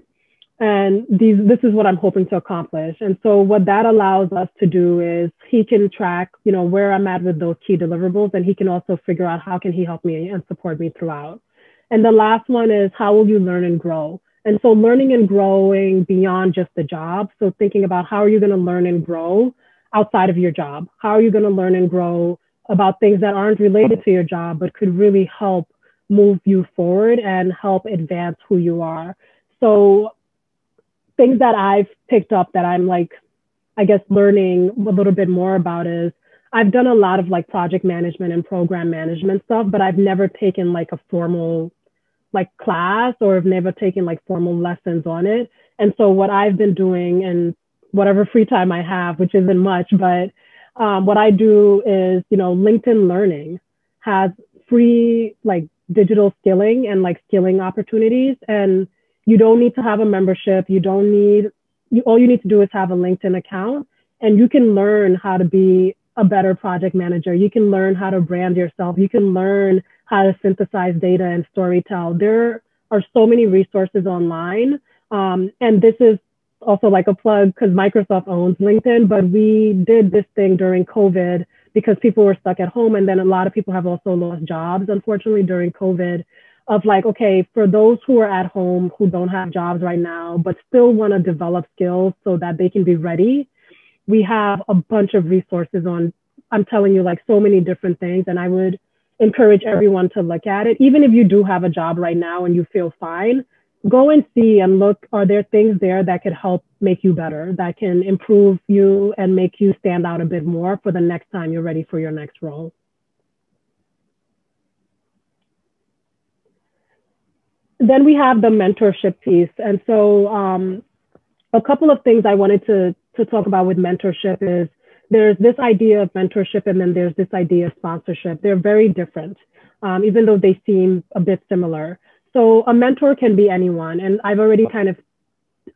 A: and these, this is what I'm hoping to accomplish. And so what that allows us to do is he can track, you know, where I'm at with those key deliverables, and he can also figure out how can he help me and support me throughout. And the last one is how will you learn and grow? And so learning and growing beyond just the job. So thinking about how are you going to learn and grow outside of your job? How are you going to learn and grow about things that aren't related to your job, but could really help move you forward and help advance who you are? So things that I've picked up that I'm like, I guess, learning a little bit more about is I've done a lot of like project management and program management stuff, but I've never taken like a formal like class or have never taken like formal lessons on it. And so what I've been doing and whatever free time I have, which isn't much, but um, what I do is, you know, LinkedIn Learning has free like digital skilling and like skilling opportunities. And you don't need to have a membership. You don't need, you, all you need to do is have a LinkedIn account and you can learn how to be a better project manager. You can learn how to brand yourself. You can learn how to synthesize data and storytell. There are so many resources online. Um, and this is also like a plug because Microsoft owns LinkedIn, but we did this thing during COVID because people were stuck at home. And then a lot of people have also lost jobs, unfortunately, during COVID of like, okay, for those who are at home who don't have jobs right now, but still want to develop skills so that they can be ready, we have a bunch of resources on, I'm telling you, like so many different things. And I would encourage everyone to look at it. Even if you do have a job right now and you feel fine, go and see and look are there things there that could help make you better, that can improve you and make you stand out a bit more for the next time you're ready for your next role? then we have the mentorship piece. And so um, a couple of things I wanted to, to talk about with mentorship is there's this idea of mentorship and then there's this idea of sponsorship. They're very different, um, even though they seem a bit similar. So a mentor can be anyone. And I've already kind of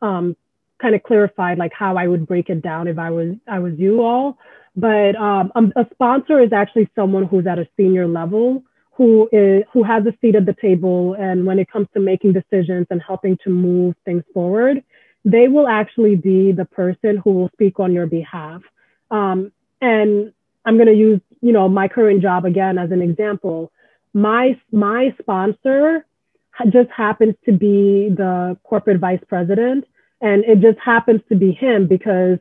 A: um, kind of clarified like how I would break it down if I was I was you all. But um, a sponsor is actually someone who's at a senior level who is who has a seat at the table and when it comes to making decisions and helping to move things forward they will actually be the person who will speak on your behalf um, and i'm going to use you know my current job again as an example my my sponsor just happens to be the corporate vice president and it just happens to be him because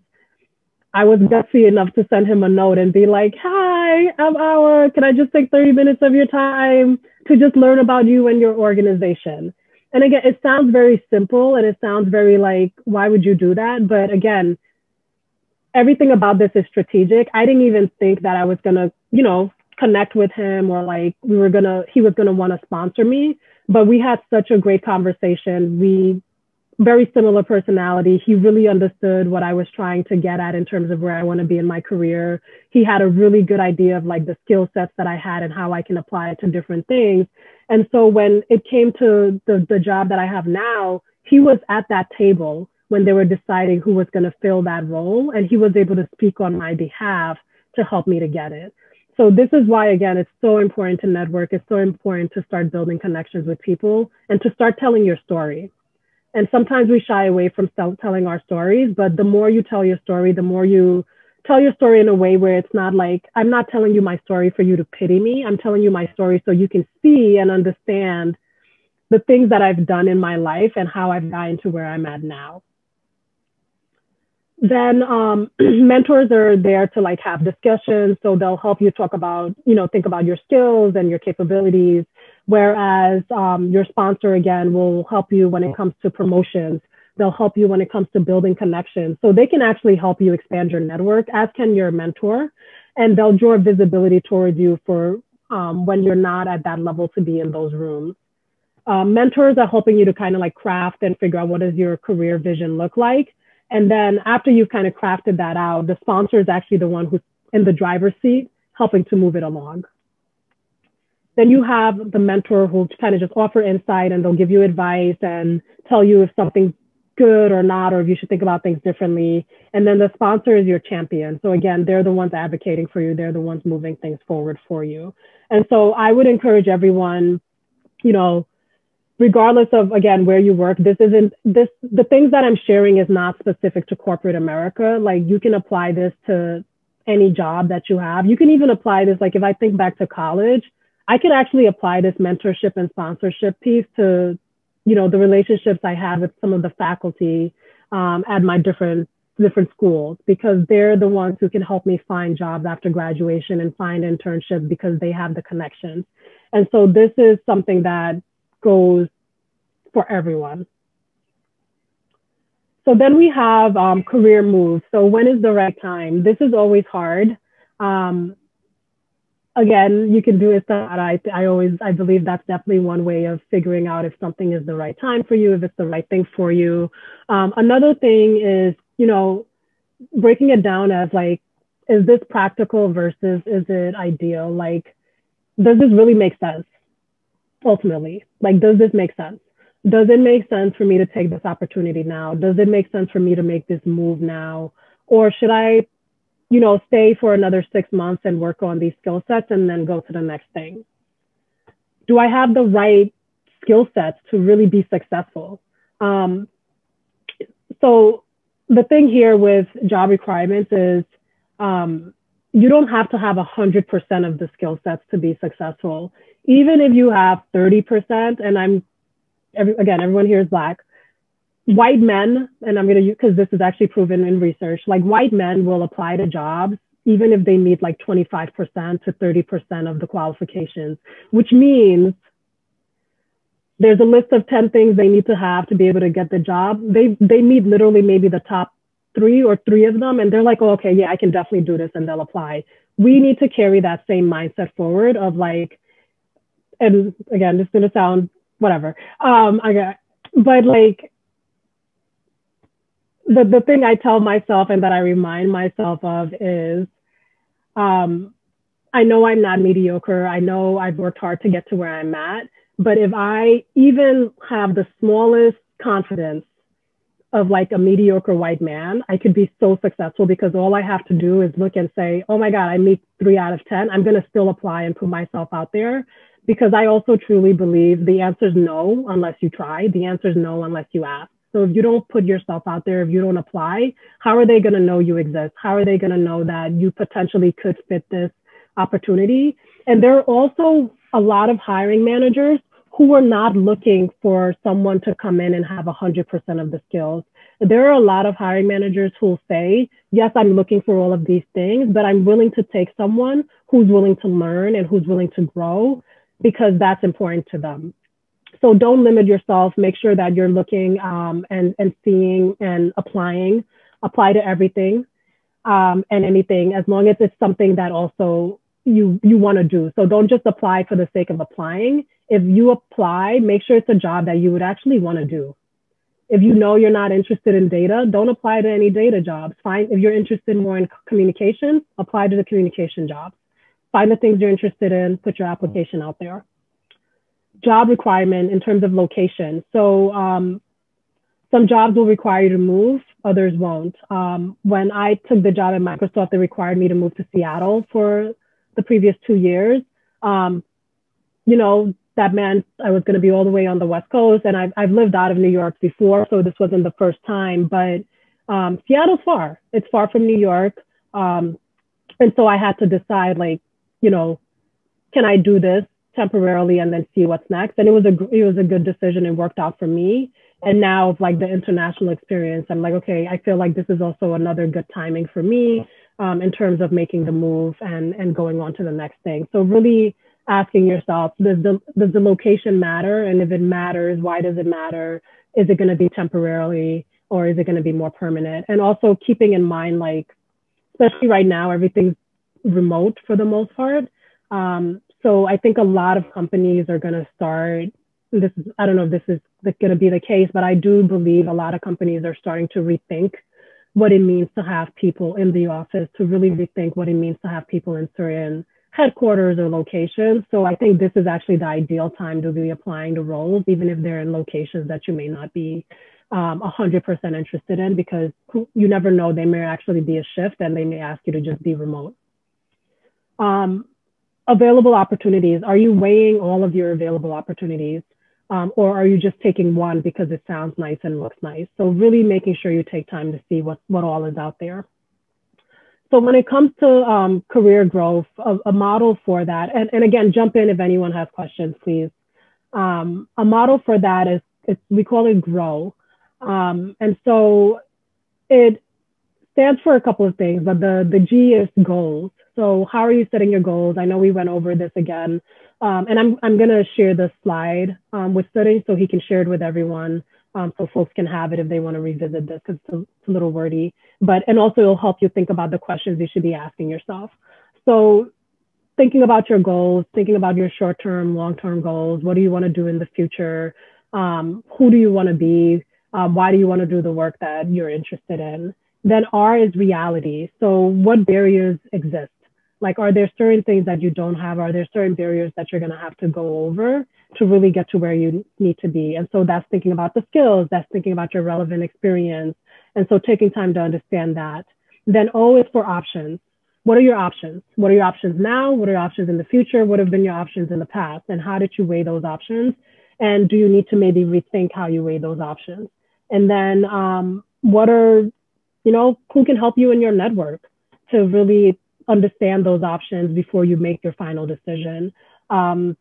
A: I was gutsy enough to send him a note and be like, Hi, I'm Our. Can I just take 30 minutes of your time to just learn about you and your organization? And again, it sounds very simple and it sounds very like, why would you do that? But again, everything about this is strategic. I didn't even think that I was going to, you know, connect with him or like we were going to, he was going to want to sponsor me. But we had such a great conversation. We very similar personality. He really understood what I was trying to get at in terms of where I want to be in my career. He had a really good idea of like the skill sets that I had and how I can apply it to different things. And so when it came to the, the job that I have now, he was at that table when they were deciding who was going to fill that role. And he was able to speak on my behalf to help me to get it. So this is why, again, it's so important to network. It's so important to start building connections with people and to start telling your story and sometimes we shy away from telling our stories but the more you tell your story the more you tell your story in a way where it's not like i'm not telling you my story for you to pity me i'm telling you my story so you can see and understand the things that i've done in my life and how i've gotten to where i'm at now then um, mentors are there to like have discussions so they'll help you talk about you know think about your skills and your capabilities whereas um, your sponsor again will help you when it comes to promotions they'll help you when it comes to building connections so they can actually help you expand your network as can your mentor and they'll draw visibility towards you for um, when you're not at that level to be in those rooms uh, mentors are helping you to kind of like craft and figure out what does your career vision look like and then after you've kind of crafted that out, the sponsor is actually the one who's in the driver's seat helping to move it along. Then you have the mentor who kind of just offer insight and they'll give you advice and tell you if something's good or not, or if you should think about things differently. And then the sponsor is your champion. So again, they're the ones advocating for you. They're the ones moving things forward for you. And so I would encourage everyone, you know, regardless of again where you work this isn't this the things that i'm sharing is not specific to corporate america like you can apply this to any job that you have you can even apply this like if i think back to college i could actually apply this mentorship and sponsorship piece to you know the relationships i have with some of the faculty um, at my different different schools because they're the ones who can help me find jobs after graduation and find internships because they have the connections and so this is something that goes for everyone. So then we have um, career moves. So when is the right time? This is always hard. Um, again, you can do it. I, I always, I believe that's definitely one way of figuring out if something is the right time for you, if it's the right thing for you. Um, another thing is, you know, breaking it down as like, is this practical versus is it ideal? Like, does this really make sense? ultimately like does this make sense does it make sense for me to take this opportunity now does it make sense for me to make this move now or should i you know stay for another six months and work on these skill sets and then go to the next thing do i have the right skill sets to really be successful um, so the thing here with job requirements is um, you don't have to have 100% of the skill sets to be successful even if you have 30%, and I'm, every, again, everyone here is Black, white men, and I'm going to use, because this is actually proven in research, like white men will apply to jobs even if they meet like 25% to 30% of the qualifications, which means there's a list of 10 things they need to have to be able to get the job. They, they meet literally maybe the top three or three of them, and they're like, oh, okay, yeah, I can definitely do this, and they'll apply. We need to carry that same mindset forward of like, and again, it's gonna sound whatever. Um, I got, but like the the thing I tell myself and that I remind myself of is, um, I know I'm not mediocre. I know I've worked hard to get to where I'm at. But if I even have the smallest confidence of like a mediocre white man, I could be so successful because all I have to do is look and say, oh my God, I meet three out of 10. I'm going to still apply and put myself out there because I also truly believe the answer is no unless you try. The answer is no unless you ask. So if you don't put yourself out there, if you don't apply, how are they going to know you exist? How are they going to know that you potentially could fit this opportunity? And there are also a lot of hiring managers who are not looking for someone to come in and have 100% of the skills. There are a lot of hiring managers who say, yes, I'm looking for all of these things, but I'm willing to take someone who's willing to learn and who's willing to grow because that's important to them. So don't limit yourself. Make sure that you're looking um, and, and seeing and applying. Apply to everything um, and anything as long as it's something that also you you want to do. So don't just apply for the sake of applying. If you apply, make sure it's a job that you would actually want to do. If you know you're not interested in data, don't apply to any data jobs. Find if you're interested more in communication, apply to the communication jobs find the things you're interested in, put your application out there. Job requirement in terms of location. So um, some jobs will require you to move, others won't. Um, when I took the job at Microsoft, they required me to move to Seattle for the previous two years. Um, you know, that meant I was going to be all the way on the West Coast, and I've, I've lived out of New York before, so this wasn't the first time, but um, Seattle's far. It's far from New York. Um, and so I had to decide, like, you know, can I do this temporarily and then see what's next? And it was a it was a good decision. It worked out for me. And now, like the international experience, I'm like, okay, I feel like this is also another good timing for me um, in terms of making the move and and going on to the next thing. So really asking yourself, does the does the location matter? And if it matters, why does it matter? Is it going to be temporarily or is it going to be more permanent? And also keeping in mind, like especially right now, everything's remote for the most part. Um, so I think a lot of companies are going to start. This is, I don't know if this is going to be the case, but I do believe a lot of companies are starting to rethink what it means to have people in the office, to really rethink what it means to have people in certain headquarters or locations. So I think this is actually the ideal time to be applying to roles, even if they're in locations that you may not be um, 100% interested in, because you never know, they may actually be a shift and they may ask you to just be remote um, available opportunities. Are you weighing all of your available opportunities? Um, or are you just taking one because it sounds nice and looks nice? So really making sure you take time to see what, what all is out there. So when it comes to um, career growth, a, a, model for that, and, and again, jump in if anyone has questions, please. Um, a model for that is, it's, we call it grow. Um, and so it stands for a couple of things, but the, the G is goals. So how are you setting your goals? I know we went over this again, um, and I'm, I'm gonna share this slide um, with Surin so he can share it with everyone. Um, so folks can have it if they want to revisit this because it's, it's, a little wordy, but, and also it'll help you think about the questions you should be asking yourself. So thinking about your goals, thinking about your short-term, long-term goals, what do you want to do in the future? Um, who do you want to be? Um, why do you want to do the work that you're interested in? Then R is reality. So what barriers exist? Like, are there certain things that you don't have? Are there certain barriers that you're going to have to go over to really get to where you need to be? And so that's thinking about the skills, that's thinking about your relevant experience. And so taking time to understand that. Then O is for options. What are your options? What are your options now? What are your options in the future? What have been your options in the past? And how did you weigh those options? And do you need to maybe rethink how you weigh those options? And then um, what are you know, who can help you in your network to really understand those options before you make your final decision. Um,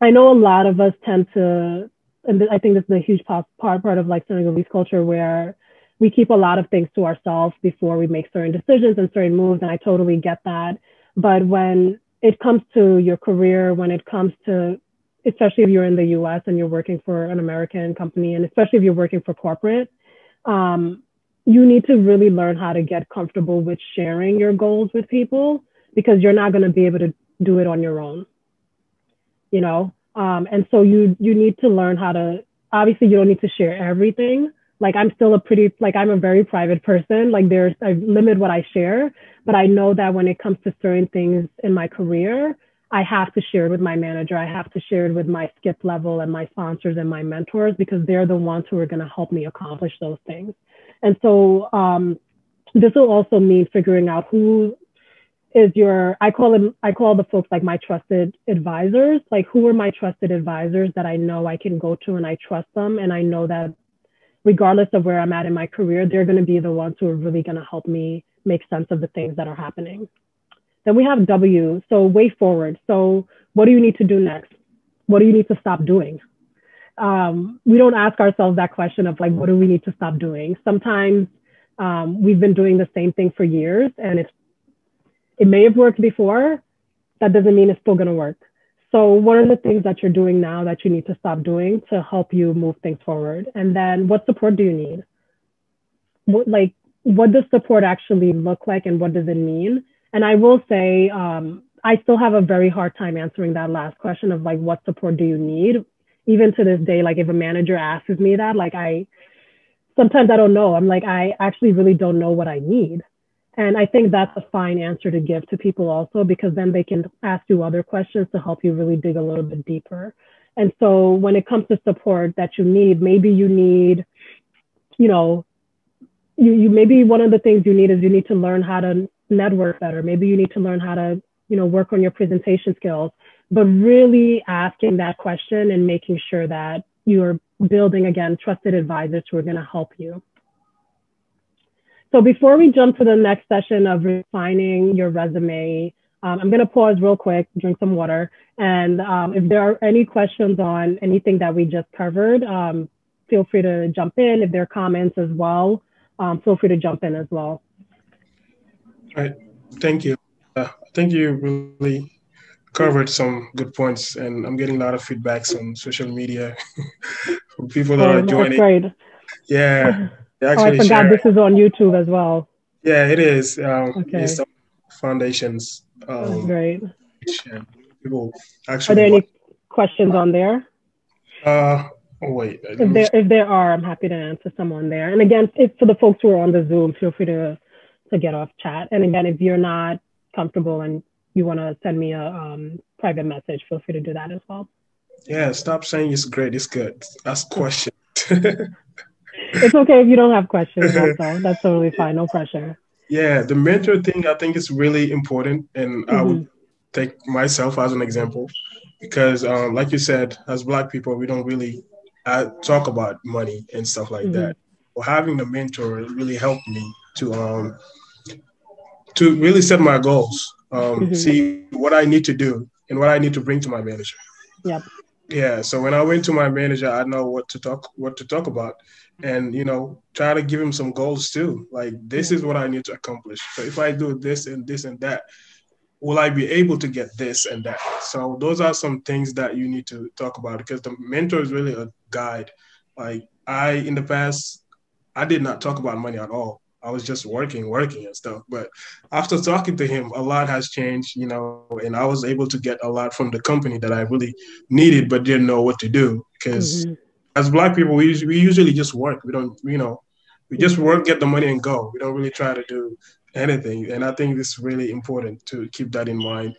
A: I know a lot of us tend to, and I think this is a huge part, part of like Senegalese culture where we keep a lot of things to ourselves before we make certain decisions and certain moves. And I totally get that. But when it comes to your career, when it comes to, especially if you're in the US and you're working for an American company, and especially if you're working for corporate, um, you need to really learn how to get comfortable with sharing your goals with people because you're not going to be able to do it on your own you know um, and so you you need to learn how to obviously you don't need to share everything like i'm still a pretty like i'm a very private person like there's i limit what i share but i know that when it comes to certain things in my career i have to share it with my manager i have to share it with my skip level and my sponsors and my mentors because they're the ones who are going to help me accomplish those things and so um, this will also mean figuring out who is your I call them I call the folks like my trusted advisors. Like who are my trusted advisors that I know I can go to and I trust them and I know that regardless of where I'm at in my career, they're going to be the ones who are really going to help me make sense of the things that are happening. Then we have W, so way forward. So what do you need to do next? What do you need to stop doing? um, we don't ask ourselves that question of like, what do we need to stop doing? Sometimes um, we've been doing the same thing for years, and if it may have worked before, that doesn't mean it's still going to work. So, what are the things that you're doing now that you need to stop doing to help you move things forward? And then, what support do you need? What, like, what does support actually look like, and what does it mean? And I will say, um, I still have a very hard time answering that last question of like, what support do you need? even to this day, like if a manager asks me that, like I sometimes I don't know. I'm like, I actually really don't know what I need. And I think that's a fine answer to give to people also, because then they can ask you other questions to help you really dig a little bit deeper. And so when it comes to support that you need, maybe you need, you know, you, you maybe one of the things you need is you need to learn how to network better. Maybe you need to learn how to, you know, work on your presentation skills but really asking that question and making sure that you're building again trusted advisors who are going to help you. So before we jump to the next session of refining your resume, um, I'm going to pause real quick, drink some water, and um, if there are any questions on anything that we just covered, um, feel free to jump in. If there are comments as well, um, feel free to jump in as well.
B: All right. Thank you. Uh, you really covered some good points, and I'm getting a lot of feedbacks on social media from people that oh, are joining. That's Yeah. oh, I forgot share. this
A: is on YouTube as well.
B: Yeah, it is. Um, okay. It's foundations. Um, great. Uh, people actually. Are there any
A: questions on there?
B: Uh, oh, wait. If there,
A: if there are, I'm happy to answer some on there. And again, if for the folks who are on the Zoom, feel free to to get off chat. And again, if you're not comfortable and you want to send me a um, private message, feel free to do that as well.
B: Yeah, stop saying it's great, it's good. Ask questions. it's
A: okay if you don't have questions, also. That's totally fine, no pressure.
B: Yeah, the mentor thing I think is really important. And mm-hmm. I would mm-hmm. take myself as an example because, um, like you said, as Black people, we don't really uh, talk about money and stuff like mm-hmm. that. Well, having a mentor really helped me to um, to really set my goals um, mm-hmm. see what I need to do and what I need to bring to my manager. Yep. Yeah. So when I went to my manager, I know what to talk what to talk about, and you know, try to give him some goals too. Like this is mm-hmm. what I need to accomplish. So if I do this and this and that, will I be able to get this and that? So those are some things that you need to talk about because the mentor is really a guide. Like I in the past, I did not talk about money at all. I was just working, working and stuff. But after talking to him, a lot has changed, you know, and I was able to get a lot from the company that I really needed, but didn't know what to do. Because mm-hmm. as Black people, we, we usually just work. We don't, you know, we just work, get the money, and go. We don't really try to do anything. And I think this is really important to keep that in mind.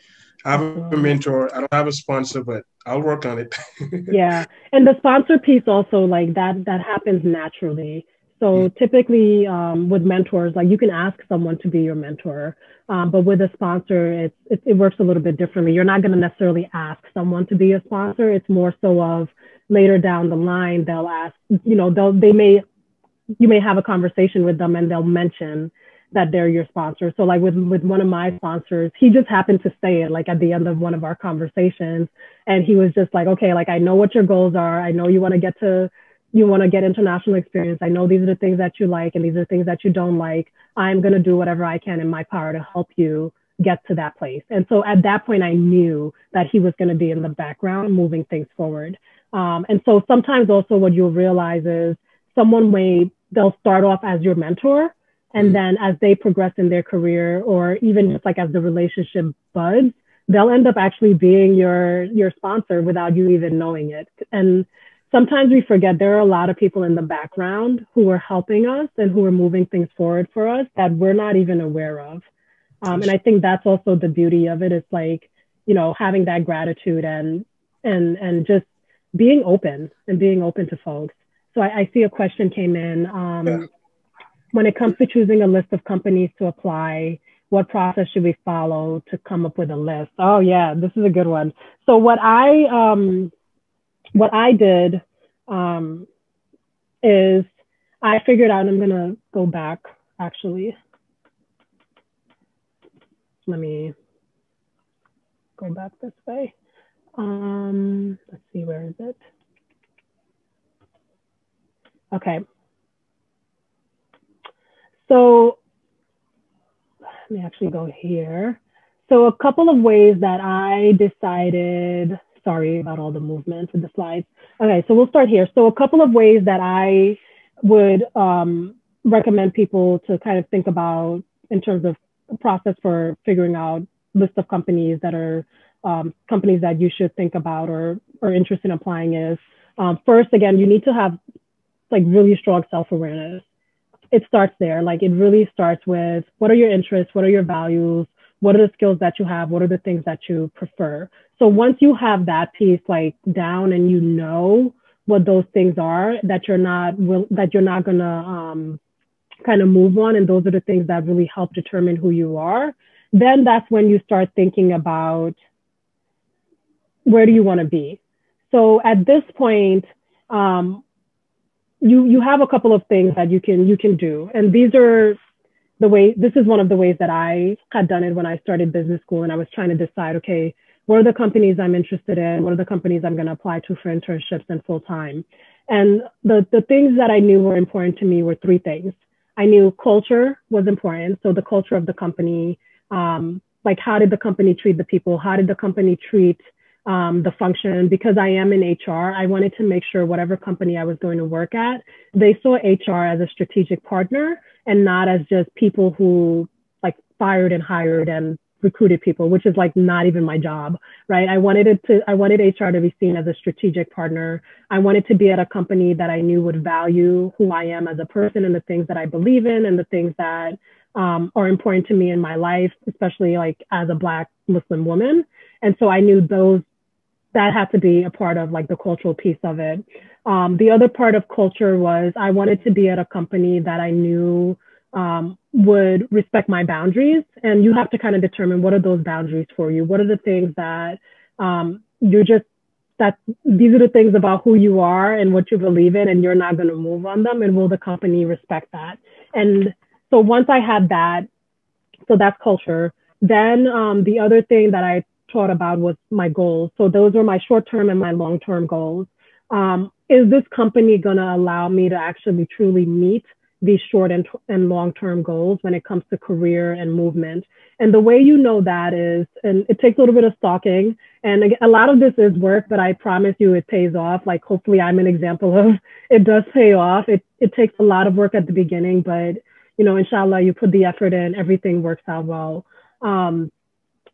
B: I have a mm-hmm. mentor. I don't have a sponsor, but I'll work on it.
A: yeah, and the sponsor piece also like that that happens naturally so typically um, with mentors, like you can ask someone to be your mentor, um, but with a sponsor, it's, it, it, works a little bit differently. You're not going to necessarily ask someone to be a sponsor. It's more so of later down the line, they'll ask, you know, they'll, they may, you may have a conversation with them and they'll mention that they're your sponsor. So like with, with one of my sponsors, he just happened to say it like at the end of one of our conversations. And he was just like, okay, like I know what your goals are. I know you want to get to you want to get international experience. I know these are the things that you like and these are the things that you don't like. I'm going to do whatever I can in my power to help you get to that place. And so at that point, I knew that he was going to be in the background moving things forward. Um, and so sometimes also what you'll realize is someone may, they'll start off as your mentor. And mm. then as they progress in their career or even just like as the relationship buds, they'll end up actually being your, your sponsor without you even knowing it. And sometimes we forget there are a lot of people in the background who are helping us and who are moving things forward for us that we're not even aware of. Um, and I think that's also the beauty of it. It's like, you know, having that gratitude and and and just being open and being open to folks. So I, I see a question came in. Um, When it comes to choosing a list of companies to apply, what process should we follow to come up with a list? Oh yeah, this is a good one. So what I um, what I did um, is I figured out I'm going to go back actually. Let me go back this way. Um, let's see, where is it? Okay. So let me actually go here. So a couple of ways that I decided Sorry about all the movement with the slides. Okay, so we'll start here. So a couple of ways that I would um, recommend people to kind of think about in terms of process for figuring out list of companies that are um, companies that you should think about or are interested in applying is um, first, again, you need to have like really strong self-awareness. It starts there. Like it really starts with what are your interests? What are your values? What are the skills that you have? What are the things that you prefer? So once you have that piece like down and you know what those things are that you're not will, that you're not gonna um, kind of move on, and those are the things that really help determine who you are. Then that's when you start thinking about where do you want to be. So at this point, um, you you have a couple of things that you can you can do, and these are the way this is one of the ways that I had done it when I started business school and I was trying to decide, okay, what are the companies I'm interested in? What are the companies I'm going to apply to for internships and full time? And the, the things that I knew were important to me were three things. I knew culture was important. So the culture of the company, um, like how did the company treat the people? How did the company treat um, the function? Because I am in HR, I wanted to make sure whatever company I was going to work at, they saw HR as a strategic partner and not as just people who like fired and hired and recruited people, which is like not even my job, right? I wanted it to, I wanted HR to be seen as a strategic partner. I wanted to be at a company that I knew would value who I am as a person and the things that I believe in and the things that um, are important to me in my life, especially like as a Black Muslim woman. And so I knew those that had to be a part of like the cultural piece of it. Um, the other part of culture was I wanted to be at a company that I knew um, would respect my boundaries. And you have to kind of determine what are those boundaries for you? What are the things that um, you're just, that these are the things about who you are and what you believe in, and you're not going to move on them. And will the company respect that? And so once I had that, so that's culture. Then um, the other thing that I thought about was my goals. So those were my short term and my long term goals. Um, is this company going to allow me to actually truly meet these short and, and long term goals when it comes to career and movement? And the way you know that is, and it takes a little bit of stalking. And a lot of this is work, but I promise you it pays off. Like, hopefully, I'm an example of it does pay off. It, it takes a lot of work at the beginning, but you know, inshallah, you put the effort in, everything works out well. Um,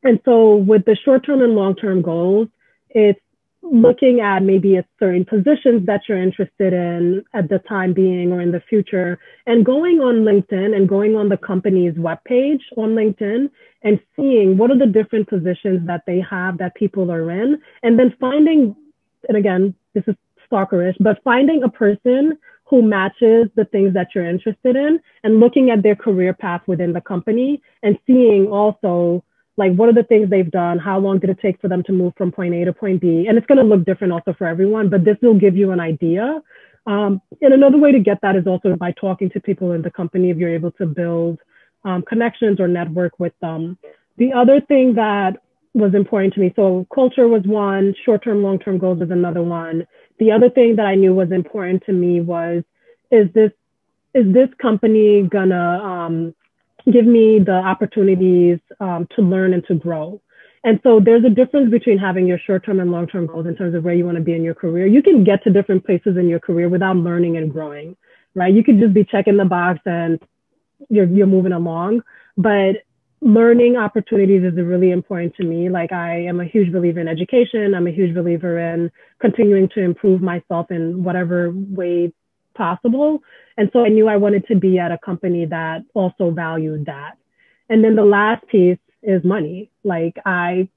A: and so with the short term and long term goals, it's looking at maybe a certain positions that you're interested in at the time being or in the future and going on LinkedIn and going on the company's webpage on LinkedIn and seeing what are the different positions that they have that people are in and then finding and again this is stalkerish but finding a person who matches the things that you're interested in and looking at their career path within the company and seeing also like what are the things they've done how long did it take for them to move from point a to point b and it's going to look different also for everyone but this will give you an idea um, and another way to get that is also by talking to people in the company if you're able to build um, connections or network with them the other thing that was important to me so culture was one short-term long-term goals was another one the other thing that i knew was important to me was is this is this company gonna um, give me the opportunities um, to learn and to grow. And so there's a difference between having your short term and long term goals in terms of where you want to be in your career. You can get to different places in your career without learning and growing, right? You could just be checking the box and you're, you're moving along. But learning opportunities is really important to me. Like, I am a huge believer in education, I'm a huge believer in continuing to improve myself in whatever way possible. And so I knew I wanted to be at a company that also valued that. And then the last piece is money. Like I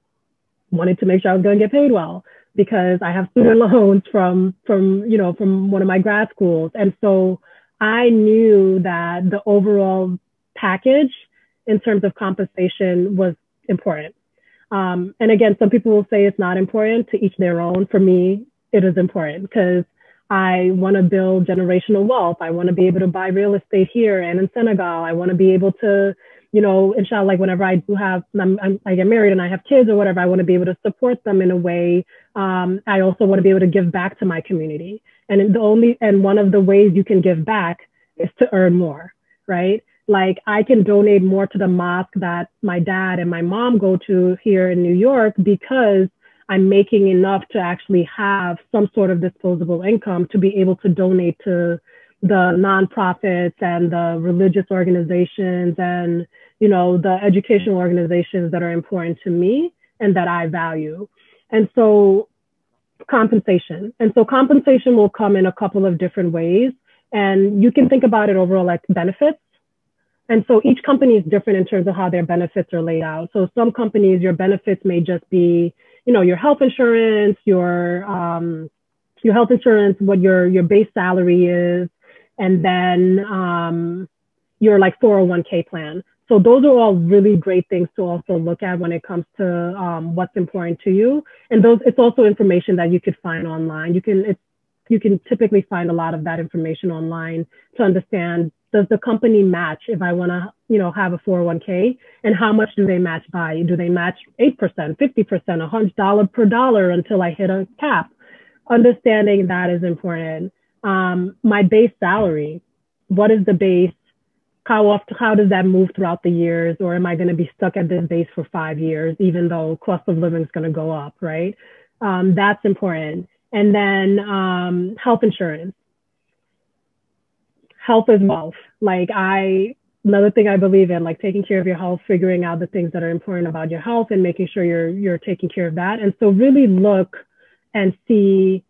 A: wanted to make sure I was going to get paid well because I have student loans from from you know from one of my grad schools, and so I knew that the overall package in terms of compensation was important. Um, and again, some people will say it's not important. To each their own. For me, it is important because I want to build generational wealth. I want to be able to buy real estate here and in Senegal. I want to be able to, you know, inshallah, like whenever I do have, I'm, I'm, i get married and I have kids or whatever, I want to be able to support them in a way. Um, I also want to be able to give back to my community. And the only, and one of the ways you can give back is to earn more, right? Like I can donate more to the mosque that my dad and my mom go to here in New York because I'm making enough to actually have some sort of disposable income to be able to donate to the nonprofits and the religious organizations and you know the educational organizations that are important to me and that I value. And so compensation. And so compensation will come in a couple of different ways and you can think about it overall like benefits. And so each company is different in terms of how their benefits are laid out. So some companies, your benefits may just be you know, your health insurance, your, um, your health insurance, what your, your base salary is, and then um, your like 401k plan. So those are all really great things to also look at when it comes to um, what's important to you. And those, it's also information that you could find online. You can, it's, you can typically find a lot of that information online to understand does the company match if I want to, you know, have a 401k? And how much do they match by? Do they match 8%, 50%, a hundred dollar per dollar until I hit a cap? Understanding that is important. Um, my base salary, what is the base? How often, how does that move throughout the years? Or am I going to be stuck at this base for five years, even though cost of living is going to go up, right? Um, that's important. And then um, health insurance health is wealth. Like I another thing I believe in, like taking care of your health, figuring out the things that are important about your health and making sure you're you're taking care of that. And so really look and see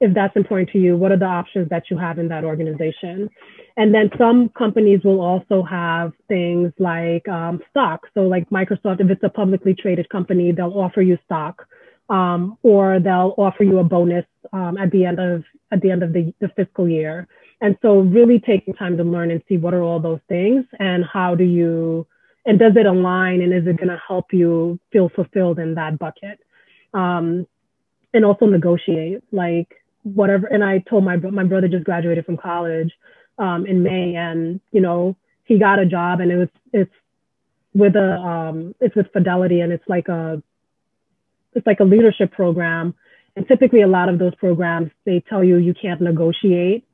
A: if that's important to you, what are the options that you have in that organization? And then some companies will also have things like um, stock. So like Microsoft, if it's a publicly traded company, they'll offer you stock. Um, or they'll offer you a bonus um, at the end of at the end of the, the fiscal year. And so really taking time to learn and see what are all those things and how do you, and does it align and is it going to help you feel fulfilled in that bucket? Um, and also negotiate like whatever. And I told my, my brother just graduated from college um, in May and, you know, he got a job and it was, it's with a, um, it's with Fidelity and it's like a, it's like a leadership program. And typically a lot of those programs, they tell you you can't negotiate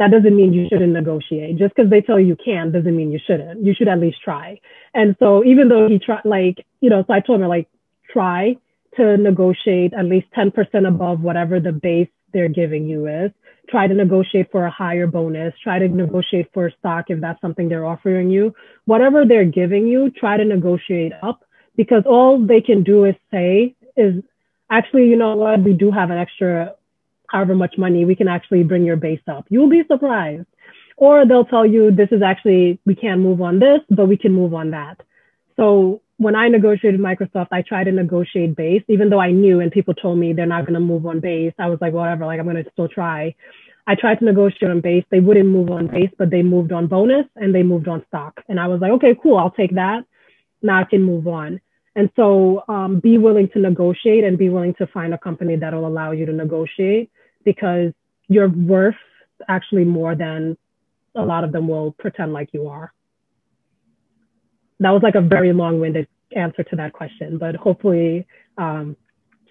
A: that doesn't mean you shouldn't negotiate. Just because they tell you you can doesn't mean you shouldn't. You should at least try. And so even though he tried, like, you know, so I told him, like, try to negotiate at least 10% above whatever the base they're giving you is. Try to negotiate for a higher bonus. Try to negotiate for stock if that's something they're offering you. Whatever they're giving you, try to negotiate up because all they can do is say is actually, you know what, we do have an extra however much money, we can actually bring your base up. You'll be surprised. Or they'll tell you, this is actually, we can't move on this, but we can move on that. So when I negotiated Microsoft, I tried to negotiate base, even though I knew and people told me they're not going to move on base. I was like, whatever, like I'm going to still try. I tried to negotiate on base. They wouldn't move on base, but they moved on bonus and they moved on stock. And I was like, okay, cool, I'll take that. Now I can move on. And so um, be willing to negotiate and be willing to find a company that'll allow you to negotiate because you're worth actually more than a lot of them will pretend like you are. That was like a very long winded answer to that question, but hopefully um,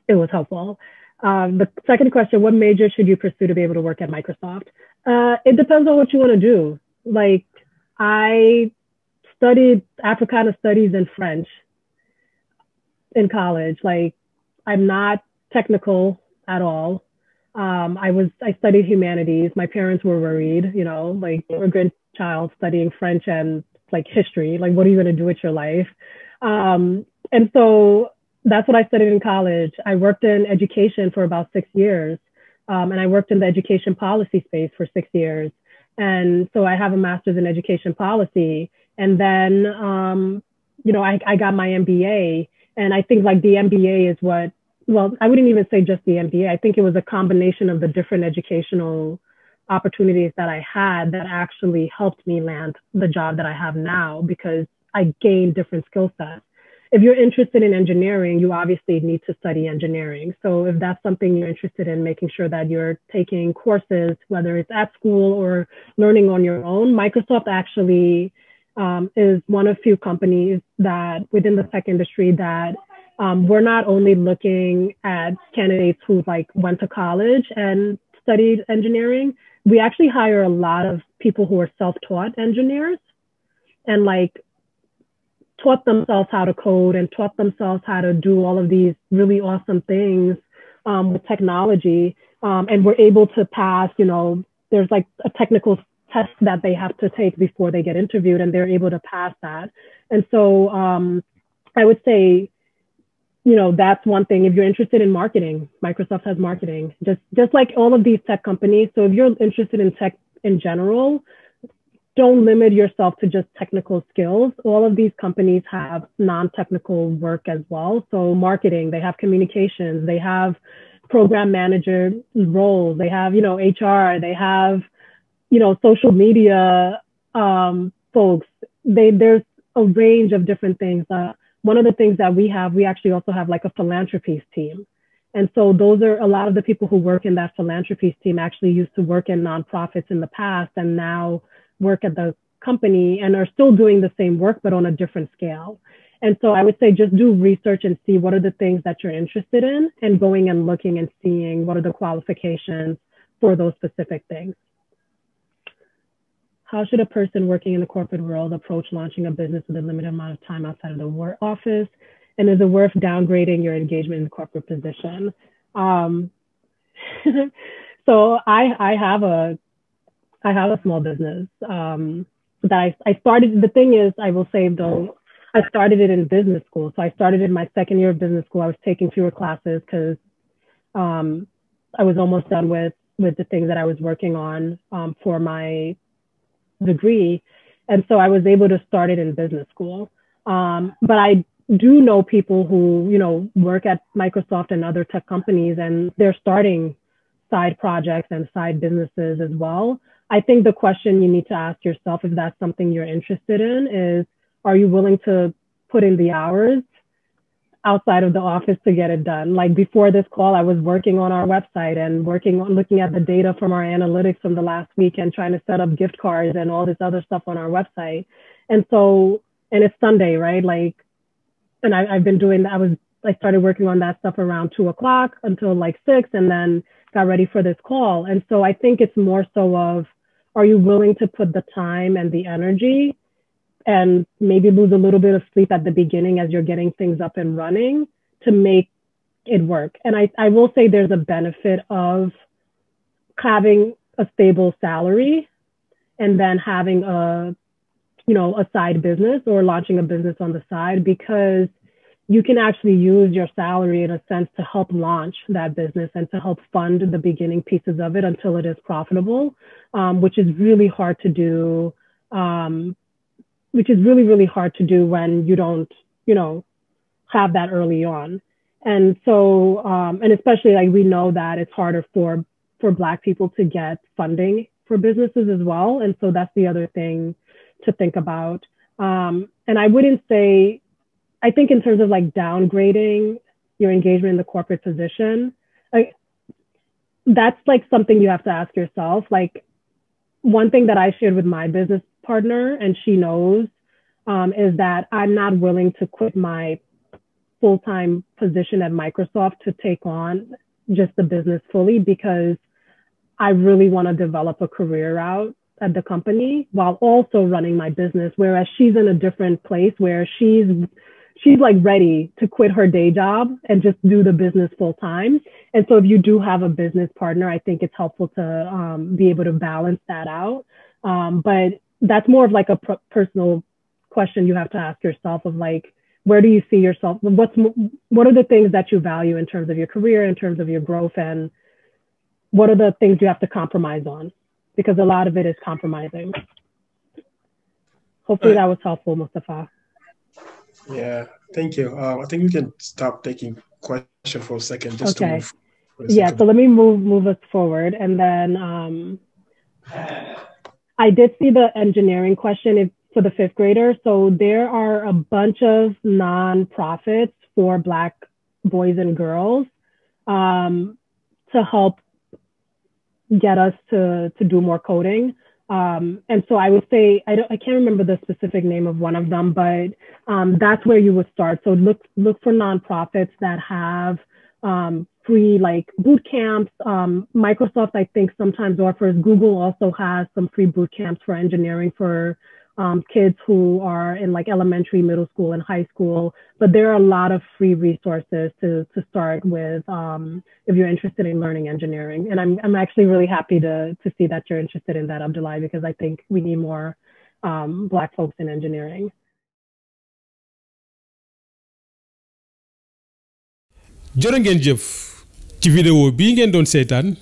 A: it was helpful. Um, the second question what major should you pursue to be able to work at Microsoft? Uh, it depends on what you want to do. Like, I studied Africana studies and French in college. Like, I'm not technical at all um, I was I studied humanities. My parents were worried, you know, like immigrant child studying French and like history. Like, what are you going to do with your life? Um, and so that's what I studied in college. I worked in education for about six years, um, and I worked in the education policy space for six years. And so I have a master's in education policy, and then um, you know I, I got my MBA. And I think like the MBA is what well, I wouldn't even say just the MBA. I think it was a combination of the different educational opportunities that I had that actually helped me land the job that I have now because I gained different skill sets. If you're interested in engineering, you obviously need to study engineering. So if that's something you're interested in, making sure that you're taking courses, whether it's at school or learning on your own, Microsoft actually um, is one of few companies that within the tech industry that um, we're not only looking at candidates who like went to college and studied engineering. We actually hire a lot of people who are self-taught engineers and like taught themselves how to code and taught themselves how to do all of these really awesome things um, with technology. Um, and we're able to pass, you know, there's like a technical test that they have to take before they get interviewed and they're able to pass that. And so um, I would say you know that's one thing if you're interested in marketing microsoft has marketing just just like all of these tech companies so if you're interested in tech in general don't limit yourself to just technical skills all of these companies have non-technical work as well so marketing they have communications they have program manager roles they have you know hr they have you know social media um, folks they there's a range of different things that one of the things that we have, we actually also have like a philanthropies team. And so those are a lot of the people who work in that philanthropies team actually used to work in nonprofits in the past and now work at the company and are still doing the same work, but on a different scale. And so I would say just do research and see what are the things that you're interested in and going and looking and seeing what are the qualifications for those specific things. How should a person working in the corporate world approach launching a business with a limited amount of time outside of the work office? And is it worth downgrading your engagement in the corporate position? Um, so I, I have a, I have a small business um, that I, I started. The thing is, I will say though, I started it in business school. So I started in my second year of business school. I was taking fewer classes because um, I was almost done with with the things that I was working on um, for my degree. And so I was able to start it in business school. Um, but I do know people who, you know, work at Microsoft and other tech companies and they're starting side projects and side businesses as well. I think the question you need to ask yourself if that's something you're interested in is are you willing to put in the hours outside of the office to get it done. Like before this call, I was working on our website and working on looking at the data from our analytics from the last week and trying to set up gift cards and all this other stuff on our website. And so, and it's Sunday, right? Like, and I, I've been doing, I was, I started working on that stuff around two o'clock until like six and then got ready for this call. And so I think it's more so of, are you willing to put the time and the energy and maybe lose a little bit of sleep at the beginning as you're getting things up and running to make it work. And I, I will say there's a benefit of having a stable salary and then having a you know a side business or launching a business on the side because you can actually use your salary in a sense to help launch that business and to help fund the beginning pieces of it until it is profitable, um, which is really hard to do um, which is really, really hard to do when you don't, you know, have that early on. And so, um, and especially like we know that it's harder for, for Black people to get funding for businesses as well. And so that's the other thing to think about. Um, and I wouldn't say, I think in terms of like downgrading your engagement in the corporate position, like, that's like something you have to ask yourself. Like, one thing that I shared with my business partner, and she knows, um, is that I'm not willing to quit my full time position at Microsoft to take on just the business fully because I really want to develop a career out at the company while also running my business. Whereas she's in a different place where she's she's like ready to quit her day job and just do the business full time. And so if you do have a business partner, I think it's helpful to um, be able to balance that out. Um, but that's more of like a personal question you have to ask yourself of like where do you see yourself what's what are the things that you value in terms of your career in terms of your growth and what are the things you have to compromise on because a lot of it is compromising hopefully that was helpful mustafa
B: yeah thank you um, i think we can stop taking questions for a second just okay. to
A: move yeah so let me move move us forward and then um, I did see the engineering question if, for the fifth grader. So there are a bunch of nonprofits for Black boys and girls um, to help get us to, to do more coding. Um, and so I would say I don't I can't remember the specific name of one of them, but um, that's where you would start. So look look for nonprofits that have um, free like boot camps. Um, Microsoft, I think, sometimes offers. Google also has some free boot camps for engineering for um, kids who are in like elementary, middle school, and high school. But there are a lot of free resources to to start with um, if you're interested in learning engineering. And I'm I'm actually really happy to to see that you're interested in that, Abdullah, because I think we need more um, Black folks in engineering.
B: jërë ngeen jëf ci vidéo avez ngeen doon vidéo,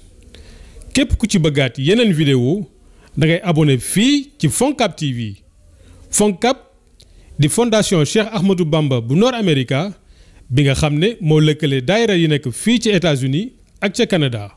B: képp ku ci bëggaat yeneen vidéo da abonné fii ci TV Foncap la fondation Cheikh Ahmadou Bamba bu Nord America bi nga xam ne moo États-Unis ak ca Canada